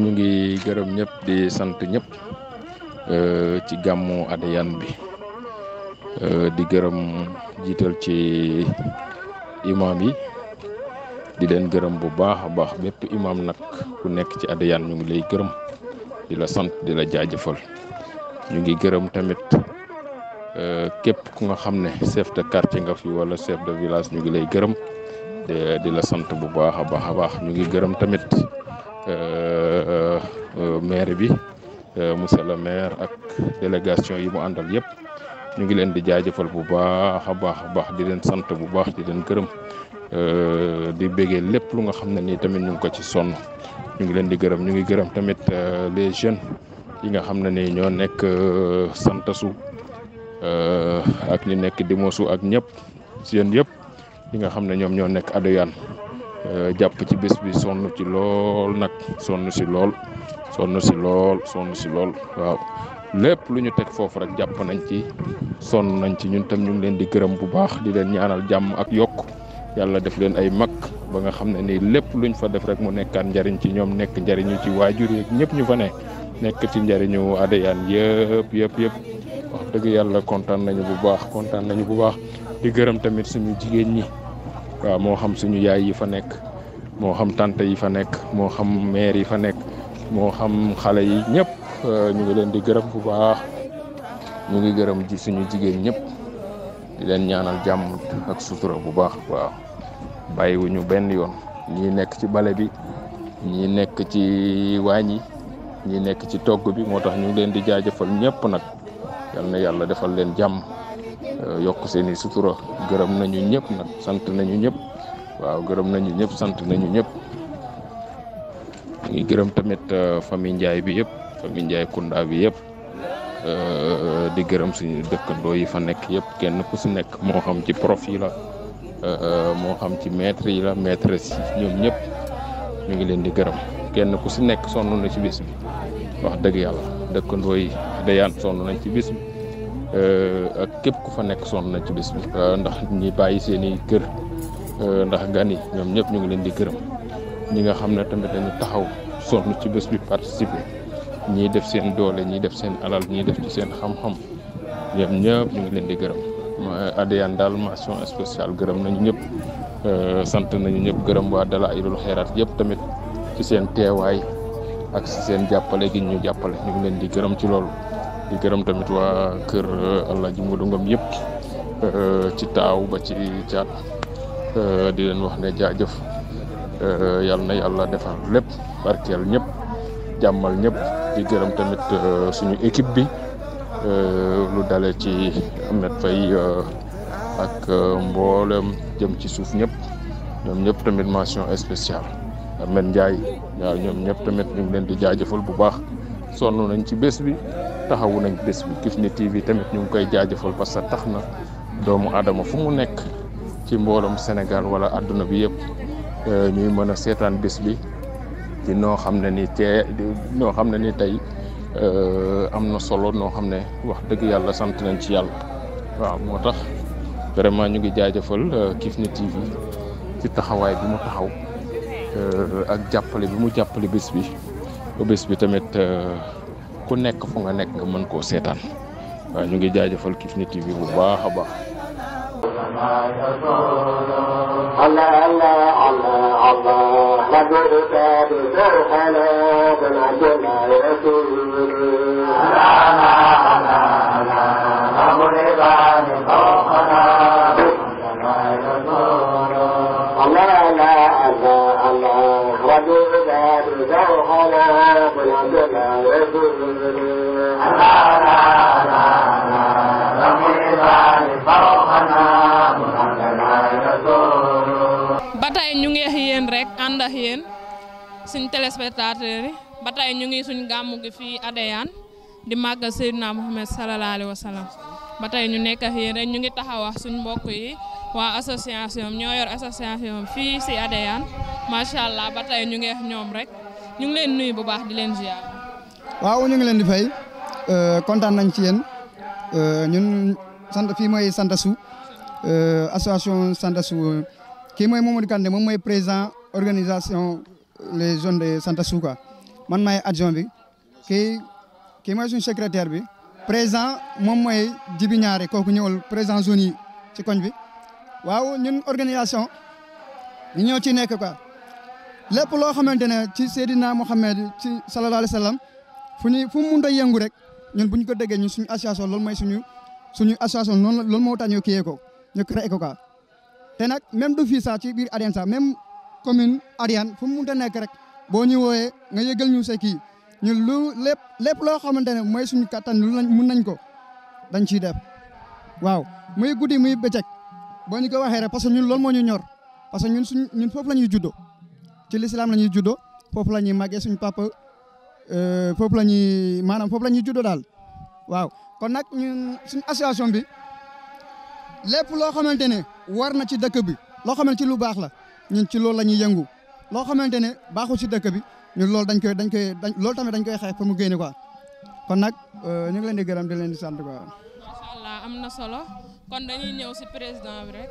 ñu eh, ngi gërëm ñëpp di sant ñëpp eh, ci gàmmu adéyan eh, bi di gërëm jiital ci imam yi di leen gërëm bu baax a baax bépp imam nak ku nekk ci adayan ñu ngi lay gërëm di la sant di la jaajëfal ñu ngi gërëm tamit képp ku nga xam ne chef de quartier nga fi wala chef de village ñu ngi lay gërëm di la sant bu baax a baax a baax ñu ngi gërëm tamit Euh, euh, maire bi euh, monsieur le maire ak délégation yi mu andal yépp ñu ngi leen di jaajëfal bu baax a baax baax di leen sant bu baax di leen gërëm di béggee lépp lu nga xam ne nii tamit ñu ngi ko ci sonn ñu ngi leen di gërëm ñu ngi gërëm tamit les jeunes yi nga xam ne nii ñoo nekk santasu ak ñu nekk dimosu ak ñëpp seen yëpp yi nga xam ne ñoom ñoo nekk Euh, jàpp ci bés bi sonn ci lool nag sonn si lool sonn si lool sonn si lool waaw lépp lu ñu teg foofu rek jàpp nañ ci sonn nañ ci ñun tam ñu ngi leen di gërëm bu baax di leen ñaanal jàmm ak yokk yàlla def leen ay mag ba nga xam ne nii lépp luñ fa def rek mu nekkaat njariñ ci ñoom nekk njariñu ci waajur yeeg ñëpp ñu fa ne nekk ci njariñu Adéane yëpp yëpp yëpp wax dëgg yàlla kontaan nañu bu baax kontaan nañu bu baax di gërëm tamit suñu jigéen ñi. waaw moo xam suñu yaay yi fa nekk moo xam tante yi fa nekk moo xam maire yi fa nekk moo xam xale yi ñëpp euh, ñu ngi leen di gërëm bu baax ñu ngi gërëm ci suñu jigéen ñëpp di leen ñaanal jàmm ak sutura bu baax waaw bàyyiwuñu benn yoon ñii nekk ci bale bi ñii nekk ci waañ yi ñii nekk ci togg bi moo tax ñu ngi leen di jaajëfal ñëpp nag yal na yàlla defal leen jàmm Eh, yokk seeni sutura gërëm nañu ñëpp nag sant nañu ñëpp waaw gërëm nañu ñëpp sant nañu ñëpp ngi gërëm tamit eh, famille Ndiaye bi yëpp famille Ndiaye kunda bi yëpp eh, di gërëm suñu dëkkandoo yi fa nekk yëpp kenn ku si nekk moo xam ci prof yi la moo xam ci maître yi la maîtresse ñoom ñëpp ñu ngi leen di gërëm kenn ku si nekk sonn na ci bis bi wax dëgg yàlla dëkkandoo yi dayaan sonn nañ ci bis bi Eh, ak képp ku fa nekk na ci bis bi eh, ndax ñi bayyi seeni kër eh, ndax gani ñom ñep ñu ngi leen di gërëm ñi nga xamne tamit dañu taxaw sonn ci bis bi participer ñi def seen doole ñi def seen alal ñi def ci seen xam-xam ñep ñep ñu ngi leen di gërëm adiyaan daal mention spéciale gërëm nañu ñëpp sant nañu ñep gërëm wa dala ayul khairat yep tamit ci seen teewaay ak ci seen jàppale gi ñu jàppale ñu ngi leen di gërëm ci loolu Eh, eh, eh, di gërëm tamit wa kër alaaji moodu ngom euh ci taw ba ci euh di len wax ne jaajëf yalla na yalla defar lépp barkel ñëpp jamal ñëpp di gërëm tamit suñu équipe bi lu dalé ci amet fay ak mbolam jëm ci suuf ñëpp ñom ñëpp tamit mention spéciale amet njaay ya, waaw ñoom ñëpp tamit ñu leen di jaajëfal bu baax sonu nañ ci bës bi taxawu nañ bés bi Kifne TV tamit ñu ngi koy jaajëfal parce que tax na doomu aadama fu mu nekk ci mbooloom Sénégal wala àdduna bi yëpp euh, ñuy mën a seetaan bis bi ci noo xam ne ni tee xam ne ni tey euh, am na solo noo xam ne wax dëgg yàlla sant nañ ci yàlla waaw moo tax vraiment ñu ngi jaajëfal euh, Kifne TV ci taxawaay bi mu taxaw ak jàppale bi mu jàppale bis bi bés bi tamit. ku nekk fu nga nekk nga mën koo seetaan waaw ñu ngi jaajëfal Kifne TV bu baax a baax. الله ba tey ñu ngi yéen rek ànd ak yéen suñ téléspectateurs yi ba tey ñu ngi suñ gàmmu gi di màggal Seydina Muhammad sallallahu Alaihi Wasallam. sallam ba tey ñu nekk ak yéen rek ñu ngi taxawax suñ mbokk yi waa association ñoo yor association si Adéane macha allah ba tey ñu ngi ak ñoom rek ñu ngi leen nuyu bu baax di leen ziar. waaw ñu ngi leen di fay euh, kontaan nañ ci yéen euh, ñun sant fii mooy Santassou euh, association Santassou kii mooy Mamadou Kandé moom mooy président organisation les jeunes de Santassou quoi man maay adjoint bi kii kii mooy suñu secrétaire bi président moom mooy Jibi ñaari kooku ñëwal président zone yi ci koñ bi waaw ñun organisation ñu ñëw ci nekk quoi lépp loo xamante ne ci Seydina Mohamed ci sallallahu alayhi wa fu ñuy fu mu mënut yëngu rek ñun bu ñu ko déggee ñun suñu association loolu mooy suñu suñu association noonu loolu moo tax ñu kiyee ko ñu créé ko quoi. te nag même du fii sax ci biir Adyen sax même commune Adyen fu mu mënut nekk rek boo ñu wooyee nga yëgal ñu sa kii ñun lu lépp lépp loo xamante ne mooy suñu kattan lu lañ mun nañ ko dañ ciy def waaw muy guddi muy bëccëg boo ñu ko waxee rek parce que ñun loolu moo ñu ñor parce que ñun suñ ñun foofu la ñuy juddoo ci lislaam la ñuy juddoo foofu la ñuy màggee suñu papa. Euh, foofu la ñuy maanaam foofu lañuy ñuy daal waaw kon nag ñun suñu association bi lépp loo xamante ne war na ci dëkk bi loo xamante ci lu baax la ñun ci loolu lañuy ñuy yëngu loo xamante ne baaxul ci dëkk bi ñun loolu dañ koy dañ koy dañ loolu tamit dañ koy xeex pour mu génne ko kon nag euh, ñu ngi leen di gërëm di leen di sant quoi. macha allah am na solo kon dañuy ñëw si président bi rek.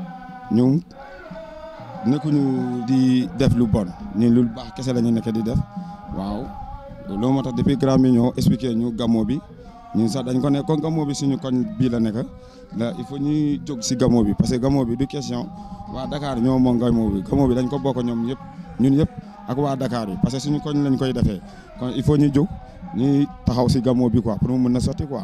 ñun nekkuñu di def lu bon ñun lu baax kese la ñu nekk di def waaw loolu moo tax depuis grand bi ñoo expliqué ñu gamoo bi ñun sax dañ ko ne kon gàmmu bi suñu koñ bii la nekk la il faut ñuy jóg si gamoo bi parce que gàmmu bi du question waa Dakar ñoo moom gàmmu bi gàmmu bi dañ ko bokk ñoom yëpp ñun yëpp waa Dakar yi parce que suñu koñ lañ koy defee kon il faut ñu jóg ñuy taxaw si gàmmu bi quoi pour mu mën na sotti quoi.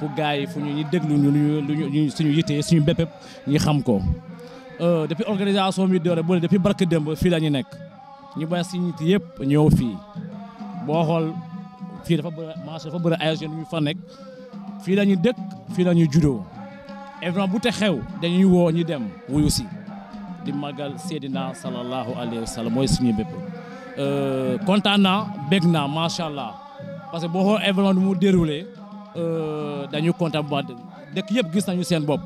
fu gars yi fu ñu ñu déglu ñu luñu suñu yittee suñu bépp ñu xam ko euh, depuis organisation bi doore bu depuis barke démb fii la ñu nekk ñu bàyyi suñu nit yëpp ñëw fii boo xool fii dafa bëri marché dafa bëri ay jeunes yu fa nekk fii la ñu dëkk fii la ñu judoo événement bu te xew dañuy woo ñu dem wuyu di màggal sedina sallallahu alayhi wa sallam mooy suñu bépp euh, kontaan naa bég allah parce que boo xool événement bi mu déroulé Euh, dañu kontaan bu baax dëkk yëpp gis nañu seen bopp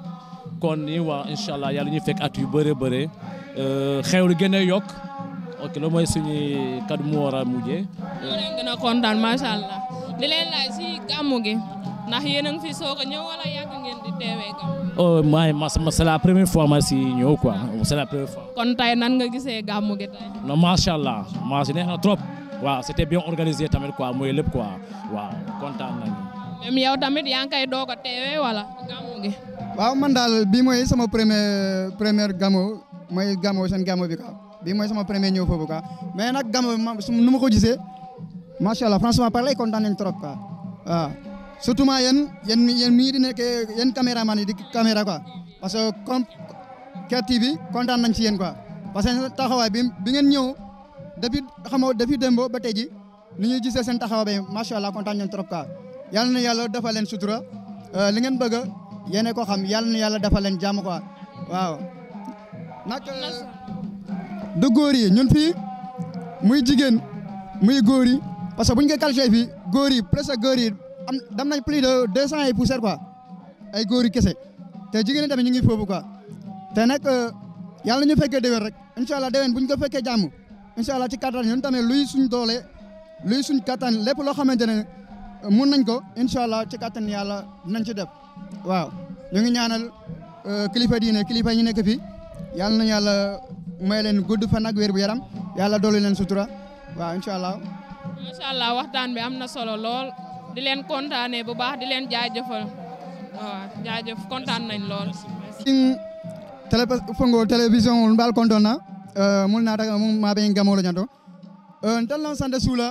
kon ni waa incha allah yàlla ñu fekk at yu bëree bëree euh, xew lu gën a yokk ok loolu mooy suñu kaddu mu war a mujjee. moo leen kontaan macha allah di leen laaj si gàmmu gi ndax yéen fi soog a ñëw wala yàgg ngeen di teewee gàmmu. oh maa ma c'est la première fois ma si ñëw quoi c'est la première fois. kon nan nga gisee gàmmu gi tey. non macha allah si neex na trop waaw c'était bien organisé tamit quoi mooy lépp quoi waaw kontaan nañu. même yow tamit yaa ngi koy doog a teewee wala gàmmu gi. waaw man daal bii mooy sama premier première gàmmu mooy gàmmu seen gàmmu bi quoi bii mooy sama premier ñëw foofu quoi mais nag gàmmu bi nu ma ko gisee macha allah franchement parler kontaan nañ trop quoi waaw ma yéen yéen yéen mii di nekkee yéen caméraman yi di caméra quoi parce que comme Kër TV kontaan nañ ci yéen quoi parce que taxawaay bi bi ngeen ñëw depuis xam nga depuis démb ba tey ji ni ñuy gisee seen taxawaay macha allah kontaan nañ trop yal na yàlla dafa leen sutura euh, li ngeen bëgg yéen ko xam yal na yàlla dafa leen jàmm quoi waaw. nag euh, du góor yi ñun fi muy jigéen muy góor yi parce que bu ñu ko calculé fii góor yi presque góor yi am dem nañ plus de deux cent et poussière quoi ay góor yi kese te jigéen tamit ñu ngi foofu quoi te nag euh, yàlla ñu fekkee déwén rek incha allah déwén bu ñu ko fekkee jàmm incha allah ci kattan ñun tamit luy suñ doole luy suñ kattan lépp loo xamante ne. mun nañ ko incha allah ci kàttan yàlla nañ ci def waaw ñu ngi ñaanal euh, kilifa diine kilifa ñu nekk fi yàlla na yàlla may leen gudd fan nag wér bu yaram yàlla dolli leen sutura waaw incha allah. allah waxtaan bi am na solo lool di leen kontaane bu baax di leen jaajëfal waaw jaajëf kontaan nañ lool. télé fongo télévision mbal kontona mul na euh, mun mum maɓe gamolo ñanto ntel non sande suula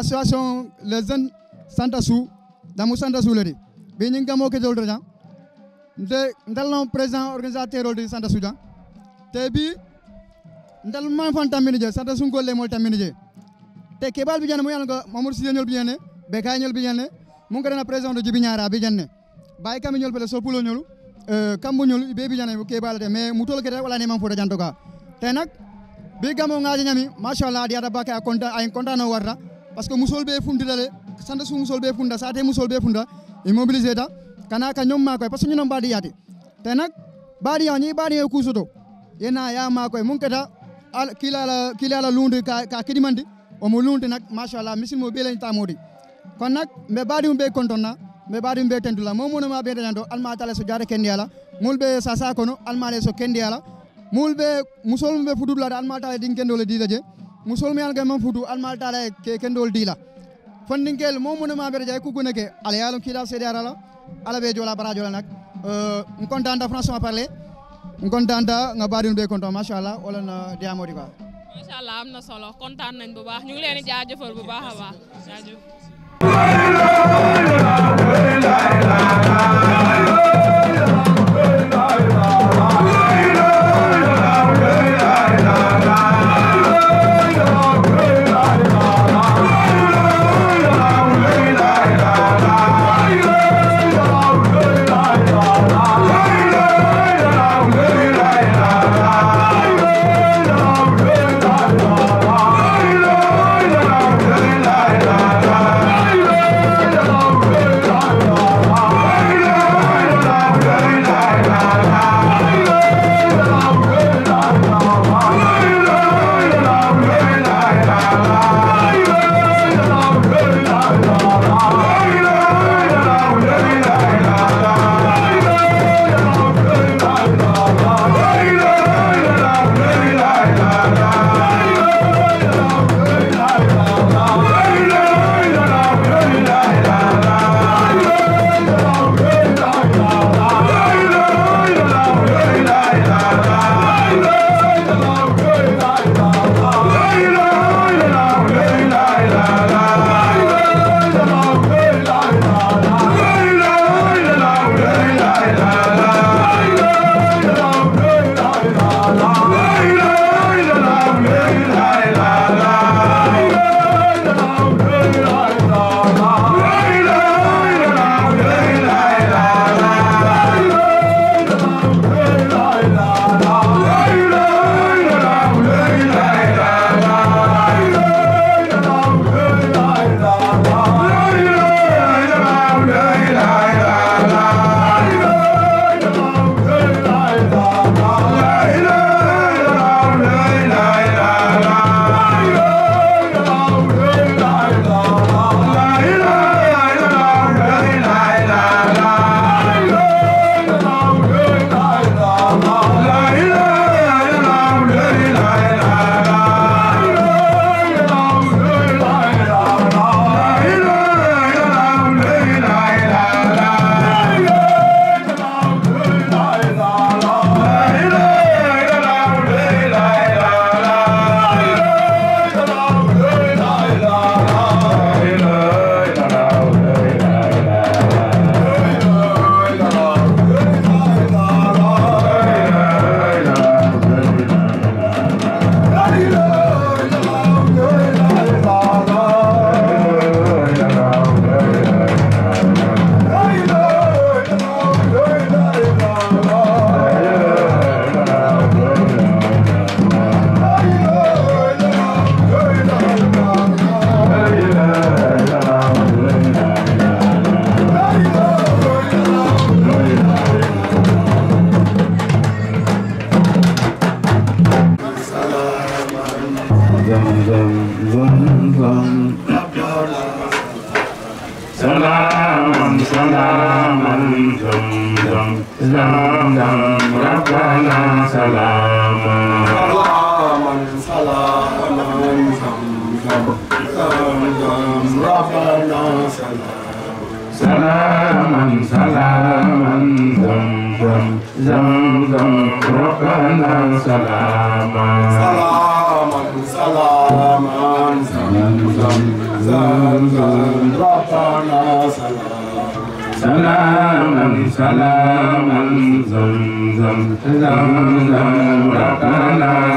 association les jeunes santa su damu santa suuledi ɓe ñing gamo ketolto jang nde ndalno président organisateur olde santa su jang te bi ndal man fan tammini je santa sun golle mol tammini je te keɓal euh, bi jane mo yalgo mamadou sidé ñol bi jane ɓe kay bi jane mun kadana président de jibi ñara bi jane bayi kamɓe ñol pele sopulo ñolu kambo ñolu ɓe bi jane keɓalate mais mutol kete wala ne man fota janto ka te nak bi gamo ngaji ñami machallah adi ata bake a content ayen content no warta par ce que musol ɓe sanda sugusolɓe funda sa ate musolɓe funda immobiliser ta kana ka ñomma koye par ce que ñunon mbaɗiyate te nak mbaɗiya ñi mbaɗiya yaani kusuto yena yama koye mum keta kilala kilala lundi ka, ka kidimandi o mo lundi nak machallah misilmo ɓelantamodi kon nak me mbe mbaɗi mum ɓe contonna mbe mbaɗi mum ɓe tentula momonoma ɓe dañanto alma tala so jaade kendi ala mulɓe sasa kono le so kendi ala mulɓe musolmuɓe futudulade alma tala din kendole dila je musolmu yalga mam futu almal tala ke kendol la fondingel momunema mbeɗa jaawi kuguneke ala yaalum kiiɗa seedi arala ala ɓe joola barajola nak euh, contanta franchement parlé contanta nga mbaɗino ɓe content machallah olan diyamodi quoi machallah am na solo kontaan nañ bu baax ñu ngi leen bu baax a ربنا سلاما سلاما زمزم زمزم ربنا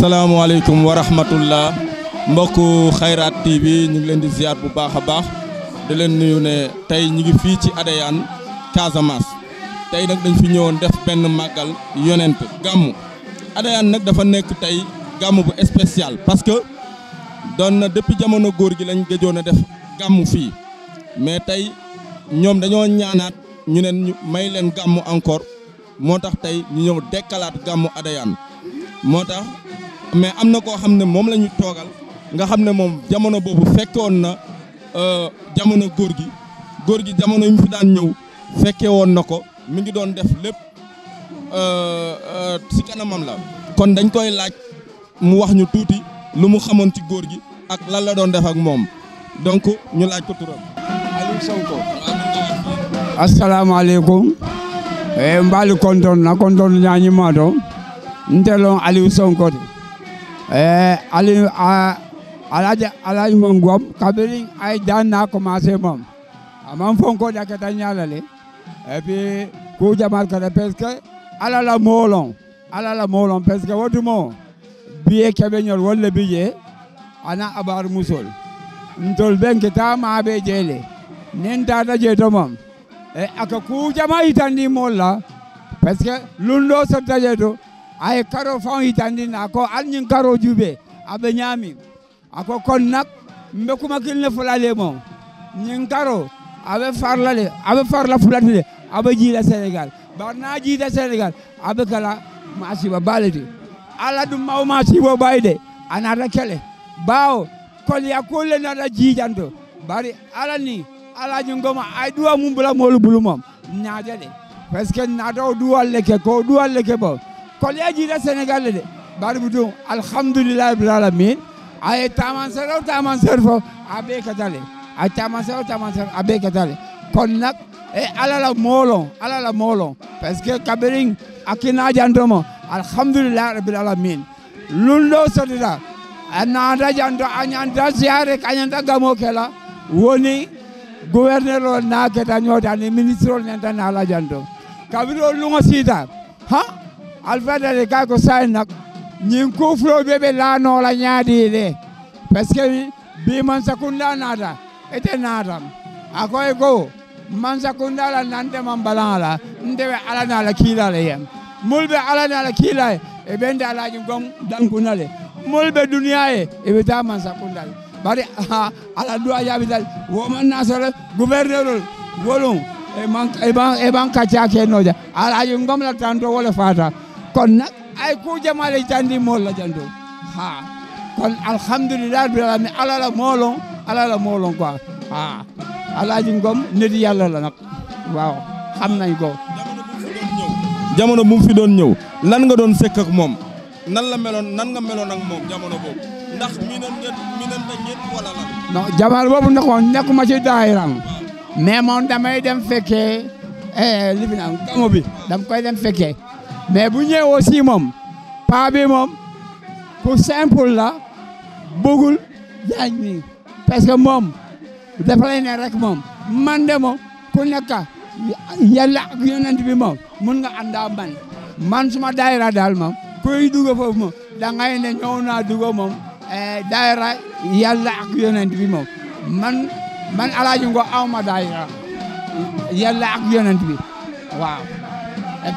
salaamaaleykum wa rahmatullah mbokk Xayraat TV ñu ngi leen di ziar bu baax a baax di leen nuyu ne tey ñu ngi fii ci Adéane Casamance tey nag dañ fi ñëwoon def benn màggal yonent gàmmu Adéane nag dafa nekk tey gàmmu bu spécial parce que doon na depuis jamono góor gi lañ gëjoon a def gàmmu fii mais tey ñoom dañoo ñaanaat ñu ne ñu may leen gàmmu encore moo tax tey ñu ñëw dekkalaat gàmmu Adéane moo tax mais am na koo xam ne moom la toogal nga xam ne moom jamono boobu fekkoon na euh, jamono góor gi góor gi jamono yi mu fi daan ñëw fekke woon na ko mu ngi doon def lépp si euh, euh, kanamam la. kon dañ koy laaj mu wax ñu tuuti lu mu xamoon ci góor gi ak lan la doon def ak moom donc ñu laaj ko turam. Aliou Sonko. asalaamaaleykum. e eh, mbaali konton na konton ñañi maato ntelon Aliou Sonko Eh, Aliou Alaaji Alaaji moom Ngom kabiri ay daan naa commencé moom man foog nga koo dakata ñaalale et puis ku jamal kata parce que ala la moolon ala la moolon parce que wotumo biye kebe ñol wolle bije ana abar musol ntol ben ke ta ma be jele nen tata je to mom e aka ku jama itandi molla parce que lundo sotta je to aye karo faŋo yitandin a ko ali ñiŋ karo juube a be ñaami a ko kon nak mbe kuma kili ne fula le mo ñiŋ karo a be farla le a be farla fulati le a be jiila sénégal bari naa jiita sénégal a be kala maasiba baa le ti ala dum mawo maasibo bayi de a naata kele baawo koliya kuolu le naata jiijanto bari ala ni ala ñiŋ goma ay duwa mum bula moolu bulu mom ñaate de parce que naata wo duwal le ke ko duwal le ke bo ko leeji ta le de mbaɗo ɓuuɗum alhamdoulillahi bil alamin aye tamansere o tamansere fof a ɓeykatale a tamansere o tamansere a ɓeykatale kono nak e alala moolon alala moolon par ce que kaɓerin akinaji andomo alhamdoulillahi rabbil alamin a naata janto a ñanta siyarek a ñanta gamo kela woni gouverneur o naketa ñootani ministre o nanta naala janto kabiri o lungo siita ha alfadade ka ko sani nak ñin kufuloɓe ɓe laanola ñaadiɗe par ce que bi biman sakunda naata ete naatam akoy goo man sakundala nandeman balanala ndeɓe alanala kiilala e yen mulɓe alanala kiila e e ɓende alaji gon dankunale mulɓe duniya e eɓe ta man sakundal e bari e ala duwa jaɓital woman nasole gouverneur ol wolum eɓan kacca kennoja alaji gomla tanto wole fata kon nag ay ku jamale jandi molla jando ha kon alhamdulillah rabbil alamin alala moolon alala moolon quoi alaaji ngom nit yàlla la nag waaw xam nañ ko jamono bu mu fi doon ñëw lan nga doon sekk moom nan la meloon nan nga meloon ak moom jamono boobu ndax miinoon ngeen miinoon na ngeen wala lan non boobu nekkuma ci daayiraam mais moom damay dem fekkee eh, li fi bi dam koy dem fekkee mais bu ñëwee aussi moom paa bi moom pour simple la bëggul jaañ mi parce que moom dafa ne rek moom man de moom ku nekk yàlla ak yonent bi moom mun nga àndaa man man suma daayira daal moom kuy dugg foofu moom da ngay ne naa dugg moom eh, daayira yàlla ak yonent bi moom man man awma daayira yàlla ak yonent bi waaw et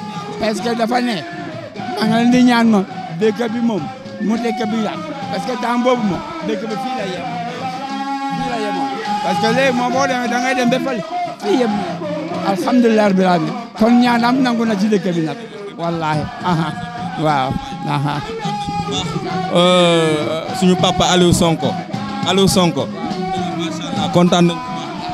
parce que dafa ne maa ngi leen ñaan ma dëkk bi moom mu dëkk bi parce que temps boobu moom dëkk fii la yem fii la yemoon parce que léegi moom boo demee da ngay dem ba fële fii yem alhamdulilah rabbil kon ñaan nangu na ci dëkk bi nag wallahi aha waaw aha euh, suñu papa Aliou Sonko Aliou Sonko macha kontaan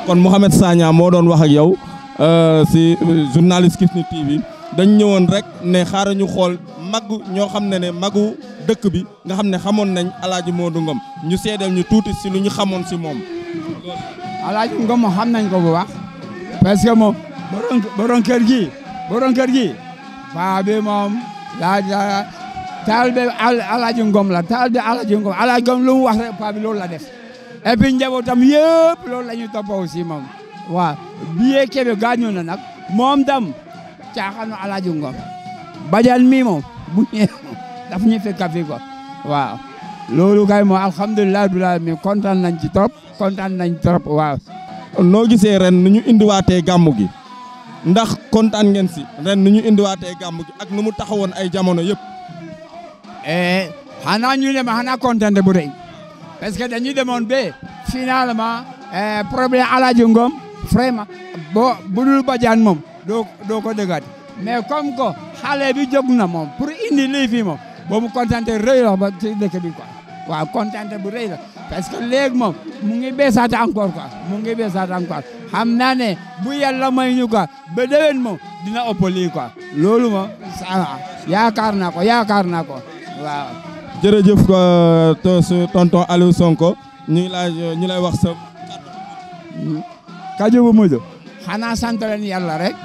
kon Mouhamed Sagna moo doon wax ak yow euh, si euh, journaliste Kifne TV dañ ñëwoon rek ne xaaral ñu xool maggu ñoo xam ne ne magu dëkk bi nga xam ne xamoon nañ alaaji Modou Ngom ñu seedal ñu tuuti si lu ñu xamoon si moom. alaaji Ngom moom xam nañ ko bu baax. parce moom borom kër gi borom kër gi faa bi moom laa taal bi alaaji Ngom la taal bi alaaji Ngom alaaji Ngom lu wax rek la def. et puis njabootam yëpp loolu la ñu toppoo aussi moom. waaw biye kebe gaañoo na nag moom dam caaxaanu alaaju Ngom bajaan mi moom bu ñëwee moom daf ñu fi ko waaw loolu kay moom alhamdulilah du la mi kontaan nañ ci trop kontaan nañ trop waaw noo gisee ren nu ñu indiwaatee gàmmu gi ndax kontaan ngeen si ren nu ñu indiwaatee gàmmu gi ak nu mu taxawoon ay jamono yëpp eh xanaa ñu ne ma xanaa kontaan bu rëy parce que dañu demoon ba finalement eh, problème Alaaji Ngom vraiment boo budul bajaan moom doo doo ko déggaat mais comme que xale bi jóg na moom pour indi lii fii moom boobu kontaante ba ci dëkk bi quoi waaw kontaante bu rëy la parce que léegi mo mu ngi beesaat encore quoi mu ngi beesaat encore xam bu yàlla may ñu quoi mo dina ëpp lii loolu moom ça yaakaar naa ko yaakaar naa ko waaw. jërëjëf euh, tonton Aliou Sonko ñu ngi lay ñu lay wax sa. kàddu hmm. sant yàlla rek.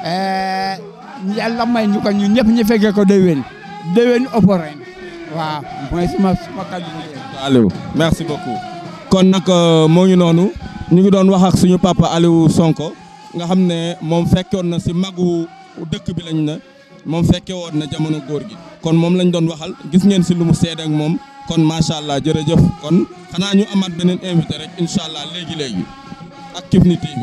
Eh, yàlla may ñu ko ñu ñëpp ñu fekkee ko déwén déwén ëpp ren waaw mooy suma suma kàddu Aliou merci beaucoup kon nag euh, moo ngi noonu ñu ngi doon wax ak suñu papa Aliou Sonko nga xam ne moom fekkoon na si magu dëkk bi lañ na moom fekke woon na jamono góor gi kon moom lañ doon waxal gis ngeen si lu mu seede ak moom kon macha allah jërëjëf kon xanaa ñu amat beneen invité rek incha allah léegi léegi ak Kifne TV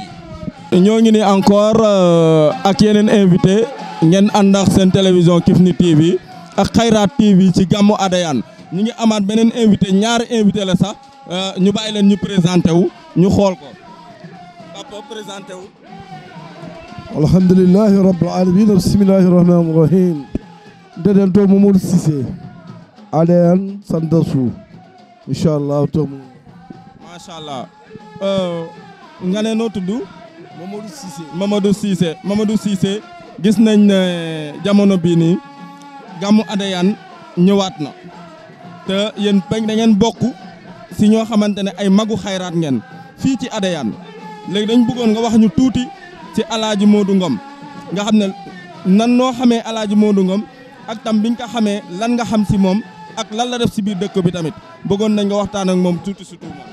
ñoo ngi ni encore euh, ak yeneen invité ngeen àndax seen télévision Kifne TV ak Xayraat TV ci gàmmu Adayane ñu ngi amaat beneen invité ñaari invité la sax euh, ñu bàyyi leen ñu présenté wu ñu xool ko Papa présenté wu alhamdulillahi rabbil alamin bismillahi rahmani rahim deden to Mamadou Cissé Adayane sandasu incha allah to macha allah nga ne noo tudd Mamadou Cissé Mamadou Cissé Mamadou gis nañ ne jamono bii nii gàmmu Adéane ñëwaat na te yéen peñ da ngeen bokk si ñoo xamante ne ay magu xayraat ngeen fii ci Adéane léegi dañ bëggoon nga wax ñu tuuti ci alaaji Modou ngoom nga xam ne nan noo xamee alaaji Modou Ngom ak tam biñ ko xamee lan nga xam si moom ak lan la def si biir dëkk bi tamit bëggoon nañ nga waxtaan ak moom tuuti surtout moom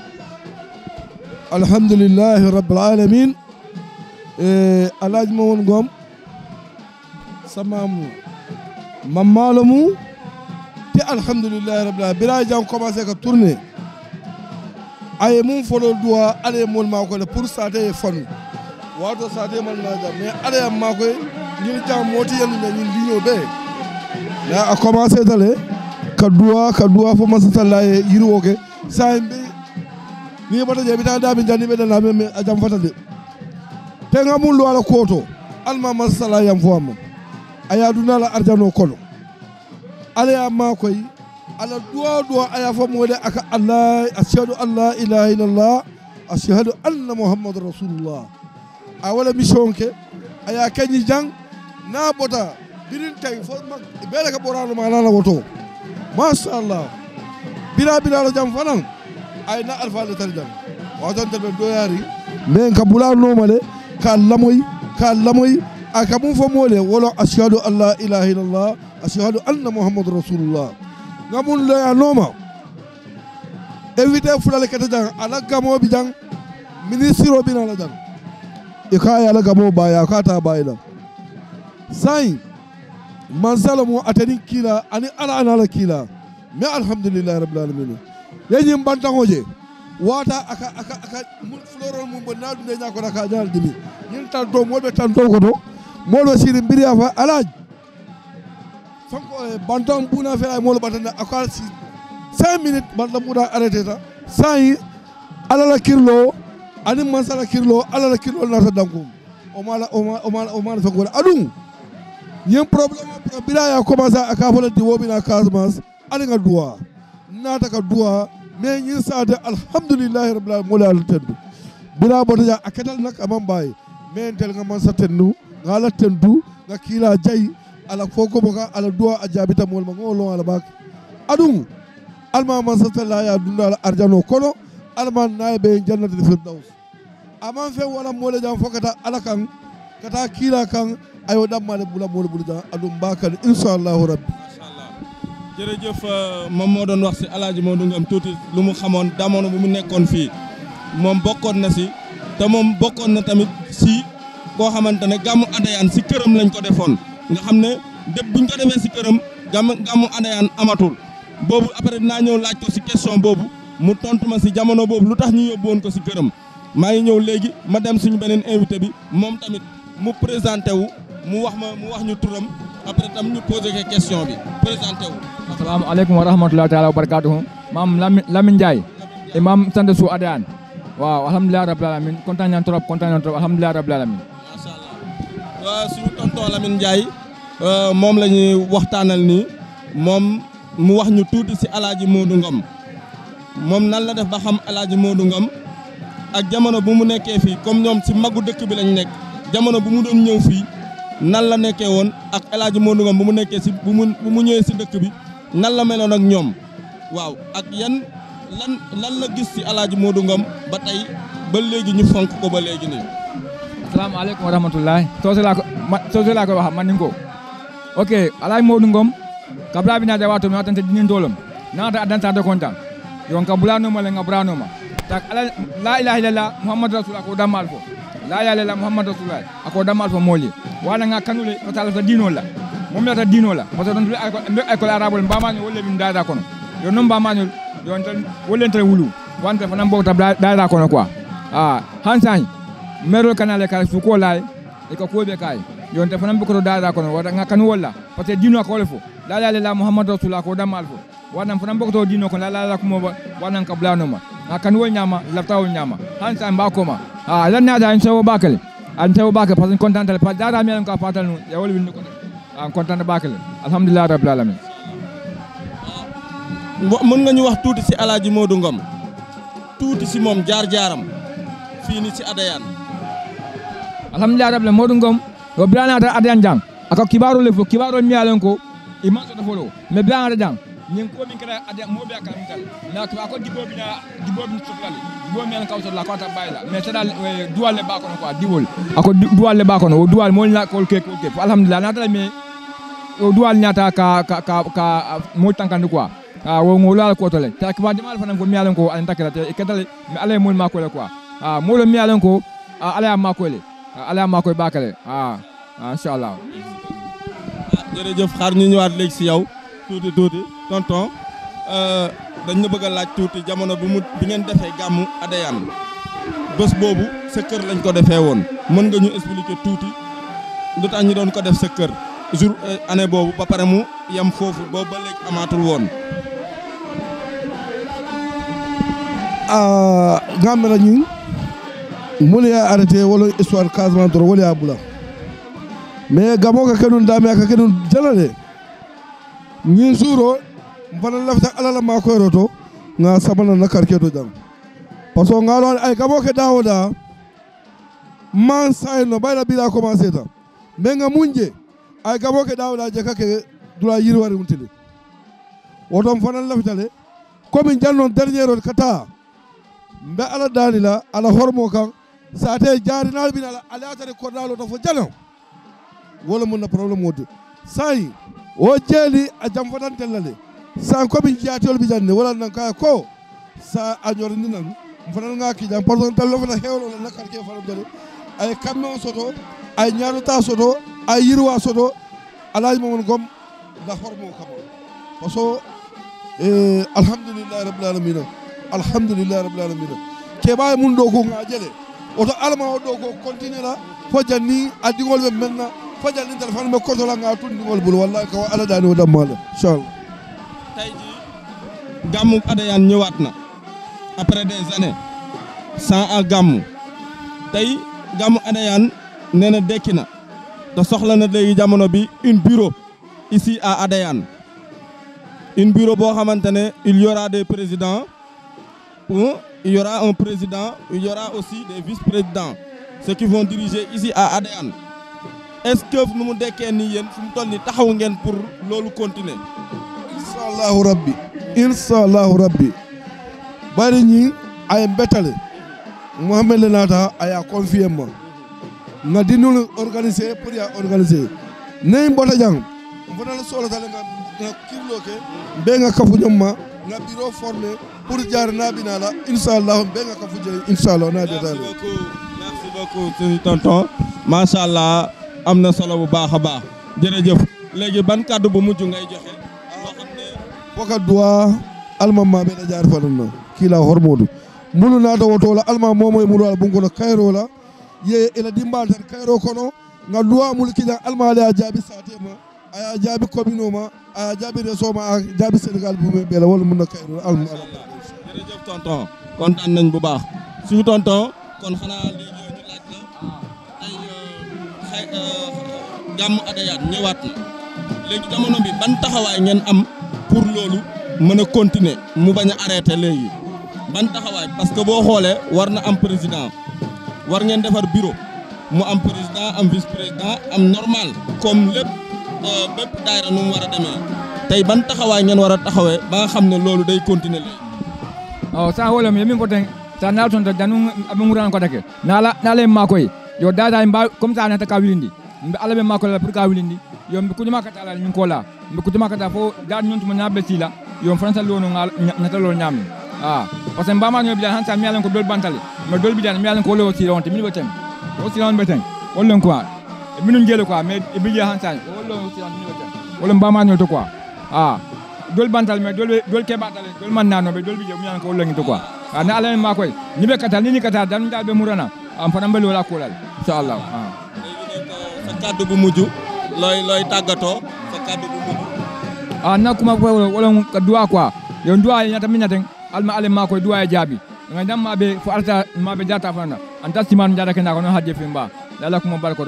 Eh, alaaji ma woon ngoom samaam mam maalamu te alhamdulillahi rabbil alamin bira jang commencé ka tourner aye mum folo duwa alaye mool ma koyle pour sate e fanu wato sate man naja mais alayam ma koye ngin jang mooti yandude ñin liño ɓe mais a commencé tale ka duwa ka duwa fo masatalla e yirwoke sa en ɓe ni ɓata je ɓita daɓe jandiɓe ɗanaɓe mais a jam fata de tenga mum luwala koto alma masala yam fo amma a yadunala arjano kono ala ya ma koy ala duwa duwa aya fo mo wode aka allah ashhadu an la ilaha illallah ashhadu anna muhammadu rasulullah a wala mission ke aya kañi jang na bota birin tawi fo ɓeɗa ka ɓorano ma nana woto machallah bira biraɗo jam fanan ayna alfaade tari jam watan tan ɓe doyari min ka bulanoma de كالاموي كالاموي اكامو فمولي ولا اشهد ان لا اله الا الله اشهد ان محمد رسول الله غامون لا نوما ايفيتي فلا كاتدان على غامو بيدان منيسيرو بينا لا دان يكا يا لا غامو كاتا بايلا ساين من ظلمو اتني كيلا اني انا انا لا كيلا مي الحمد لله رب العالمين يجي مبانتا هوجي wata aka aka aka florol mum bon dum de nyako raka dal dimi ñin tan do be tan do ko do sire mbiriya fa alaj fanko e, bantam buna fe ay lo batana akal si 5 minutes la muda arrêté ta sai ala la kirlo ani mansala kirlo ala la kirlo na ta dankum o mala o mala o mala o mala fanko adum problème bira ya commencer aka fola di wobina kasmas ali nga duwa nata ka droit mais ñi saade alhamdulillahi rabbil alamin molalu tendu bira botoja a ketal nak aman mbawi mais tel ga man sa tendu ngala tendu ga kiila jayi ala foko boga ala duwa a jaabitamol ma ngo lon ala ɓaake aɗum alma man sa tella ya dunda ala ardiano kono alma nayi ɓe jannatede firdaus aman fe wala mole jam fo kata ala kan kata kiila kan ayo ɗammale bula mole bulu jam aɗum mbakani inchallahu rabbi jërëjëf euh, moom moo doon wax si El Hadj Modou Ngom tuuti lu mu xamoon damono bu mu nekkoon fii moom bokkoon na si te moom bokkoon na tamit si koo xamante ne gàmmu adayaan si këram lañ ko defoon nga xam ne dëpp buñ ko defee si këram gàmm gàmmu adayaan amatul boobu après dinaa ñëw laaj ko si question boobu mu tontu ma si jamono boobu lu tax ñu yóbbu ko si këram maa ngi ñëw léegi ma dem suñu beneen invité bi moom tamit mu présenté wu mu wax ma mu wax ñu turam après tam ñu posé ko question bi présenté wu. asalaamaaleykum wa rahmatulah taala wa barakaatuhu. maam Lamine Lamine Ndiaye. imaam sant su Adaan. waaw alhamdulilah rabbil alamin kontaan nañ trop kontaan nañ trop alhamdulilah rabbil alamin. macha allah waaw suñu tonton Lamine euh, moom la ñuy waxtaanal nii. moom mu wax ñu tuuti si El Hadj Modou Ngom. moom nan la def ba xam El Hadj ak jamono bu mu nekkee fii comme ñoom si magu dëkk bi lañ nekk. jamono bu mu doon ñëw fii. nan la nekkee woon ak El Hadj Modou Ngom bu mu nekkee si bu mu bu mu ñëwee si dëkk bi nan la meloon ak ñoom waaw ak yan lan lan la gis si El Hadj Modou Ngom ba tey ba léegi ñu fonk ko ba léegi nii. asalaamaaleykum wa rahmatulah. soose laa ko ma soose laa ko wax man ni ko ok El Hadj Modou Ngom kabla bi naade wato mi watante dinin dolam naata addantade kontan yon kam bulanoma le nga buranoma tak ala la ilaha illallah muhammadu rasulullah ako dammal fo la ilaha illallah muhammadu rasulullah ako dammal fo mooli nga kanule fata talata dinol la momlata dinol la par ce que ɗon mbe école arabol mbamañol wolle min dada kono yo noon mbamañol yo wollentere wulu wante fana mbogta dada kono quoi a hansañ mairol kanale kala suko laye e ka kuoɓe kaye yonte fana mbokoto dada kono waɗaga kanuwol la par ce que dino kawole fo la ilaha illallah muhammadu rasulullah ko damal fo waɗan fana mbokoto dino kono la ilaha illallah kumo waɗan ka bulanoma a kanuwol ñama laftawo ñama hansañ mbakoma a lannata en sowo bakale an tawi ɓaake par ce que contantale par dara minen ko a fatal noon yawol windi ko an ah, contante le alhamdulillah rabbil alamin mën nga ñu wax tuuti si alaaji Modou tuuti si moom jaar jaaram fii ni si Adayane alhamdulillah rabbil alamin Modou Ngom o bilanata Adayane jang aka kibarole fo kibarol miyalen ko immansoto folo mais bilanata jang ñing komin kada ada mo be kam tan na ko ko dibo bi na dibo bi sokali dibo men kaw to la ko ta bayla mais tedal duwal le ba ko quoi diwol ako duwal le ba ko o duwal mo la ko ke ko ke alhamdulillah na tala mais o duwal nyata ka ka ka, ka mo tankan quoi a wo ngolal ko to le ta ko jamal fanan ko mialen ko an takira te e kedal mais ale mo ma ko le quoi a mo le mialen ko ala ma ko le ala ma ko bakale a inshallah jërëjëf xaar ñu ñëwaat léegi si yow tuuti tuuti tonton euh, dañ la bëgg a laaj tuuti jamono bi mu bi ngeen defee gàmmu Adéane bés boobu sa kër lañ ko defee woon mën nga ñu expliquer tuuti lu tax doon ko def sa kër jour euh, année boobu ba pare mu yem foofu boobu ba léegi amaatul woon. Ah, gàmmu la ñu mun yaa arrêté wala histoire Casamance doro wala yaa bula mais gamo ka kenun dame ka kenun jalale ñin suuro fana lafta alala ma e to nga sabana na karke to jang paso ngalo ay kabo ke dawo da man sai no bayla bila commencer ta menga munje ay kabo ke dawo da je kake dula yiri wari untile woton fana lafta le komi jannon dernier ol kata mbe ala dalila ala hormo kan sate jari nal bin ala ala tare kordalo to fo jalo wala mun na problem wodi sai o jeli a jamfatan tellale san komin jeyatol mi jande walannan kaya ko sa añorde nan fananga kijan par ce de tawi lofana hewlono lakkata ke fanodore ay camion on soto ay ta soto ay yirwa soto alaji momon gom da hormo xam par ce rabbil alamin rabbil ke mun do ko alma ko continue la fo janni fo janni nga wallahi ko ala inshallah tey Gamou gàmmu Adéane après des années sans à gàmmu Gamou gàmmu adayan nene dekina, dekki soxla na jamono une bureau ici à Adayan. une bureau pour xamante il y aura des présidents ou il y aura un président il y aura aussi des vice-présidents ceux qui vont diriger ici à Adayan. est-ce que vous mu dekkee nii yéen nous mu toll nii pour loolu continuer allahu rabbi insha allahu rabbi bari ñi ay mbettale Mouhamed le naata aya confier ma nga dinul organiser pour ya organiser nayi mbota jang mfonala soolotale nga nga kirlo ke mbe nga kafu ñom ma nga bureau formé pour jaar naabina la insha allahu mbe nga kafu jële insha allah naa détaillé merci macha allah am na solo bu baax a baax jërëjëf léegi ban kàddu bu mujj ngay joxe poka dua alma maɓe da jaar fa ɗon noon kiila woto wotola alma momo al bungo ala bunkono la ye ela dimbal tan kayro kono nga dua mulu kijan alma ala ya jaabi satema aya jaabi commune o ma aya jaabi réseau ma senegal bu mun na alma ala jërëjëf tonton kontaan nañ bu baax su tonton kon xanaa léegi ñu laaj la ay euh, xay euh, gam ñewat na jamono bi ban taxaway ñen am pour loolu mën a continuer mu bañ a arrêté léegi ban taxawaay parce que boo xoolee war na am président war ngeen defar bureau mu am président am vice président am normal comme lépp euh, bépp daayira nu mu war a demee tey ban taxawaay ngeen war a taxawee ba nga xam ne loolu day continuer léegi aw sa hoolem yemin ko ten sa nal ton ta danu aɓe nguran ko take nala nala en makoye yo data mbawi comme ça nata ka wirindi mbe ala be makola pour ka wilindi yo mbe kudima kata ala nyin kola mbe kudima kata fo da nyon tuma nyabe tila yo fransa lono ngal nata lo nyami ah parce que mbama nyobi dan hansa mi alen ko e e dol bantale me dol bidan mi alen ko lo tira on te mi be tem o tira on be tem o lon quoi e minun gele quoi mais e biye hansa o lo tira on mi tem o lon mbama nyoto quoi ah dol bantal me dol dol ke bantal dol man nano be dol biye mi alen ko lo to quoi ana ala ma ni be kata ni ni kata dan dal be murana am fanam be lo la ko lal inshallah ah kàddu bu mujj looy looy tàggatoo sa kàddu bu mujj yo duwa ya tammi nyaten alma ale ma ko duwa ya jabi ngai dam ko no hadje fimba lala kuma barko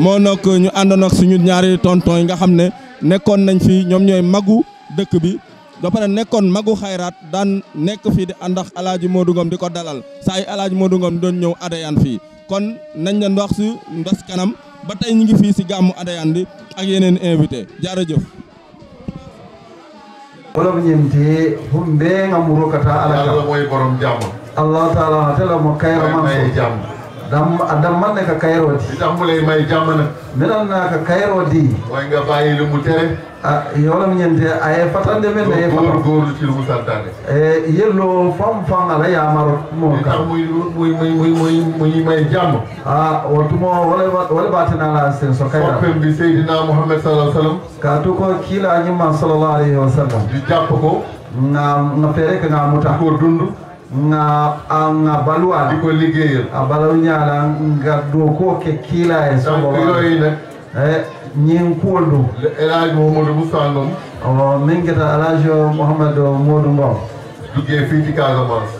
moo nag ñu àndoon ak suñu ñaari tonton yi nga xam ne nekkoon nañ fi ñoom ñooy magu dëkk bi ba nekkoon magu xayraat daan nekk fii di àndax ak alaaji moo Ngom di ko dalal saa yu alaaji Modou Ngom doon ñëw Adéane fii kon nañ leen wax su ndos kanam ba tey ñu ngi fii si gàmmu Adéane di ak yeneen invité jaarëjëf wala mo dam damman ne ka kayiroo di. li tax mu lay may jàmm nag. minan naa ka kayiroo di. mooy nga bàyyi lu mu tere. ah yow la mu ñente a ye fatande men na ye fatan góorlu ci lu mu santaane e eh, yello fam fam ala yamaro mo ka muy muy muy muy muy muy may jàmm ah wotumo wala wala batina la sen so kay foppem bi seydina muhammad sallallahu alaihi wasallam ka to ko kila nyima sallallahu alaihi wasallam di jàpp ko nga nga fere ka nga muta ko dundu nga ah, nga baluwa di ko a ah, balaw ñaala nga doo ko ke kiila e sobo yooyu nag e ñin kuwol o min geta alaaji o mouhamadou modou ngom duggee fii ci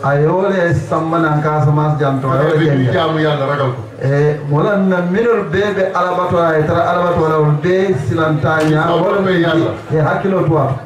a yowle sammanan casamance jam to yowle jaamu yàlla ragal ko e eh, wolan minol alabatora e tara alabatorewol be silantaña wala e hakkilo tuwato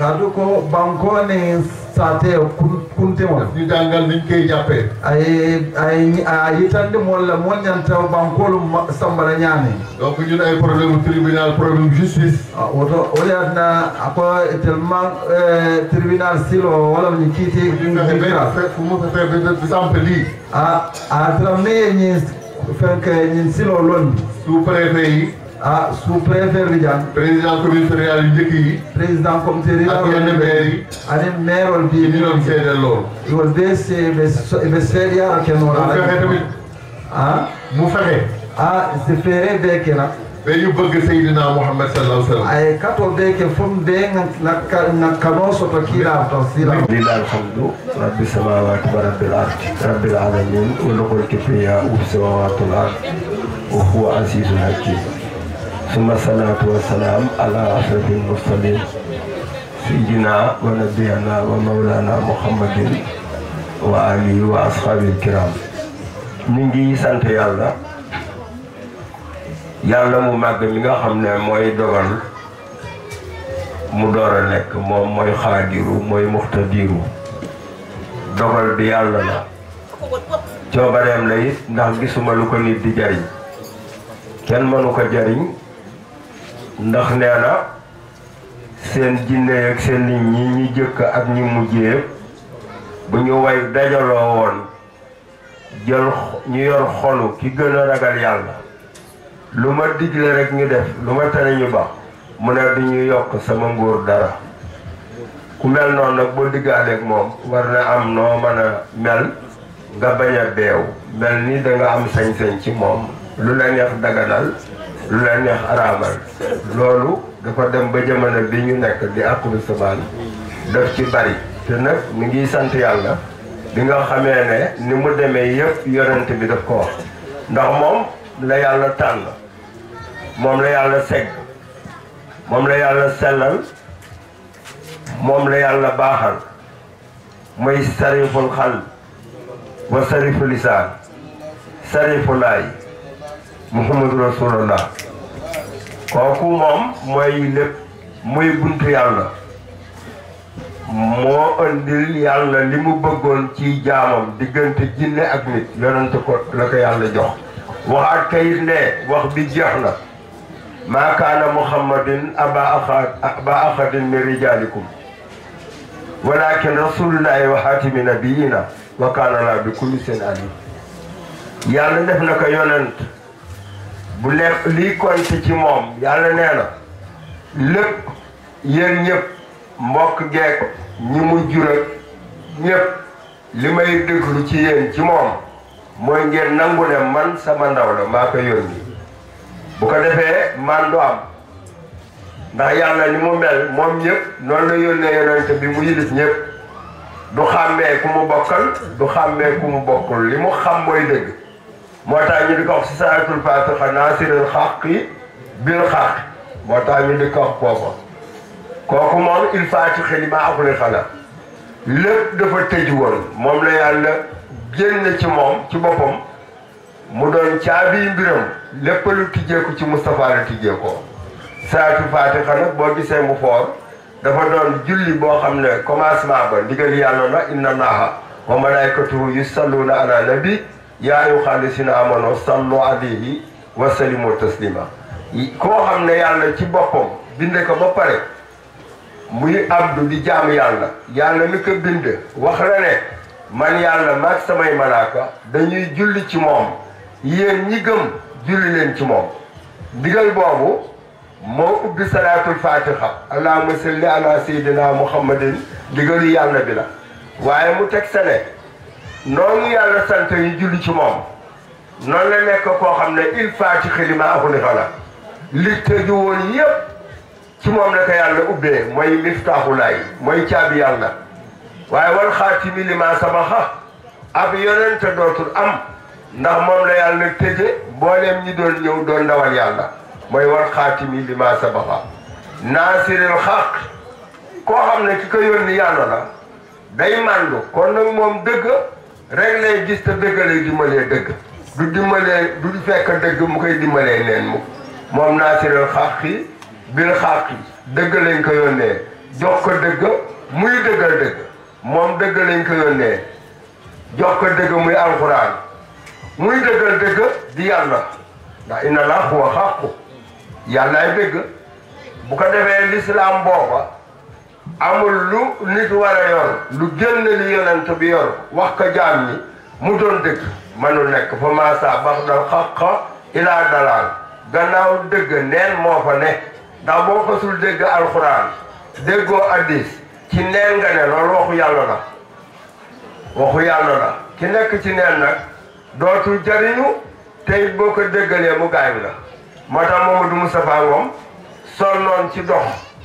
kaatu ko banko ni saate kun kunte mo ñu jàngal niñ koy jàppee a yitande mool la mool ñanta bankoolu sambara ñaani donc ñun ay problème tribunal problème justice a ah, woto wole adna ako tellement eh, silo wala ñu kiiti fu mu fe fe sampe lii a ah, a ah, tram ne ñi fenk ñin silo londi ah sous préfet Rijane. président commissariat yu njëkk yi. président commissariat ak yenn maire yi. ani maire wala bii. ñu doon seedeel loolu. iwal bee eh, eh, see eh, be so be seedeyaa ak kenn wala. mu fexe tamit. ah mu fexe. ah se feere bee kenn. be yu bëgg Seydina Muhammad sallallahu alayhi wa sallam. ay kato bee ke fom bee nga la ka nga kanoo soto kii laa taw si la. lillahi alhamdu rabbi samawati wa rabbil ardi rabbil alamin wa laqul kibriya wa samawati wal ardi wa huwa azizul hakim suma salaatu wa salaam ala asrafil mursalin sayyidina wa nabiyana wa mawlana muhammadin wa alihi wa ashaabil kiram ñu ngi sant yàlla yàlla mu màgg mi nga xam ne mooy dogal mu door a nekk moom mooy xaadiru mooy muxtadiru dogal bi yàlla la coobareem la ndax gisuma lu ko nit di jariñ kenn mënu ko jariñ ndax neena seen jinne ak seen nit ñi ñi jëkk ak ñi York bu ñu way dajalo won jël ñu yor xolu ki gëna ragal yalla luma diglé rek ñu def luma tané tane ñu ba mu ne du ñu yok sama nguur dara ku mel noonu nag boo war na am no mëna mel nga beo, a beew mel ni da nga am sañ-sañ ci mom lu la neex dagalal lu la loolu dafa dem ba jamono bi ñu nekk di àqulu sabaan daf ci bari te nag mi ngi sant yàlla bi nga xamee ne ni mu demee yëpp yonent bi daf ko wax ndax moom la yàlla tànn moom la yàlla segg moom la yàlla sellal moom la yàlla baaxal mooy sariful xal wa sarifu lisaan sarifu muhammadu rasulullah kooku moom mooy lépp mooy buntu yàlla moo andil yàlla li mu bëggoon ci jaamam diggante jinne ak nit yonente ko la yàlla jox waxaat kayit ne wax bi jeex na maa kaana muhammadin aba aba ahadin min rijalikum walakin rasulullahi wa xaatimi nabiyina wa kaana laa bi kulli seen alim yàlla def na ko yonent bu lekk liy koyte ci moom yàlla nee na lépp yéen ñëpp mbokk geek ñi mu jural ñëpp li may déglu ci yéen ci moom mooy ngeen nangu ne man sama ndaw la maa ko yónni bu ko defee man du am ndax yàlla ni mu mel moom ñëpp noonu la yónnee yonente bi mu yilif ñëpp du xàmmee ku mu bokkal du xàmmee ku mu bokkul li mu xam mooy dëgg moo tax ñu di ko wax si saatul fatiha naasiril xaqi bil xaq moo kooku kooku moom il fatiha li ma axuli lépp dafa tëj woon moom la yàlla génn ci moom ci boppam mu doon caabi mbiram lépp tijjeeku ci Moustapha la tijjeekoo saatul fatiha nag boo gisee mu foor dafa doon julli boo xam ne commencement ba ndigal yàlla la inna naaha wa malaykatuhu yusalluna ala nabi yaa ayyuhaa llaziina aamanuu sallu alayhi wa sallimu taslima koo xam ne yàlla ci boppam binde ko ba pare muy abdu di jaam yàlla yàlla mi ko bind wax la ne man yàlla maag samay malaaka dañuy julli ci moom yéen ñi gëm julli leen ci moom ndigal boobu moo ubbi salaatul fatiha allahumma salli ala sayyidina muhammadin ndigalu yàlla bi la waaye mu teg sa ne noonu yàlla sant yi julli ci moom noonu la nekk koo xam ne il faatixi li ma uxliqa la li tëju woon yépp ci moom la ko yàlla ubbee mooy miftaaxulaay mooy caabi yàlla waaye wal xaatimi li ma ab yonente dootul am ndax moom la yàlla tëje booleem ñi doon ñëw doon ndawal yàlla mooy wal xaatimi li ma naasiril xaq koo xam ne ki ko yónni yàlla la day màndu kon nag moom dëgg rek lay gis te dëgg lay dimbalee dëgg du dimbalee du fekk dëgg mu koy dimbalee neen mu moom naasiril xaqi bil xaqi dëgg lañ ko yónnee jox ko dëgg muy dëggal dëgg moom dëgg lañ ko yónnee jox ko dëgg muy alxuraan muy dëggal dëgg di yàlla ndax inna laa huwa xaqu yàllaay dëgg bu ko defee lislaam booba amul lu nit war a lu génn li yonent bi yor wax ko jaam ñi mu doon dëgg mënul nekk fa maasaa bax dal xaq ilaa dalaal gannaaw dëgg neen moo fa ne ndax boo fasul dégg alxuraan déggoo addis ci neen nga ne loolu waxu yàlla la waxu yàlla la ki nekk ci neen nag dootul jariñu tey boo ko déggalee mu gaañ la moo tax Mamadou Moustapha Ngom sonnoon ci dox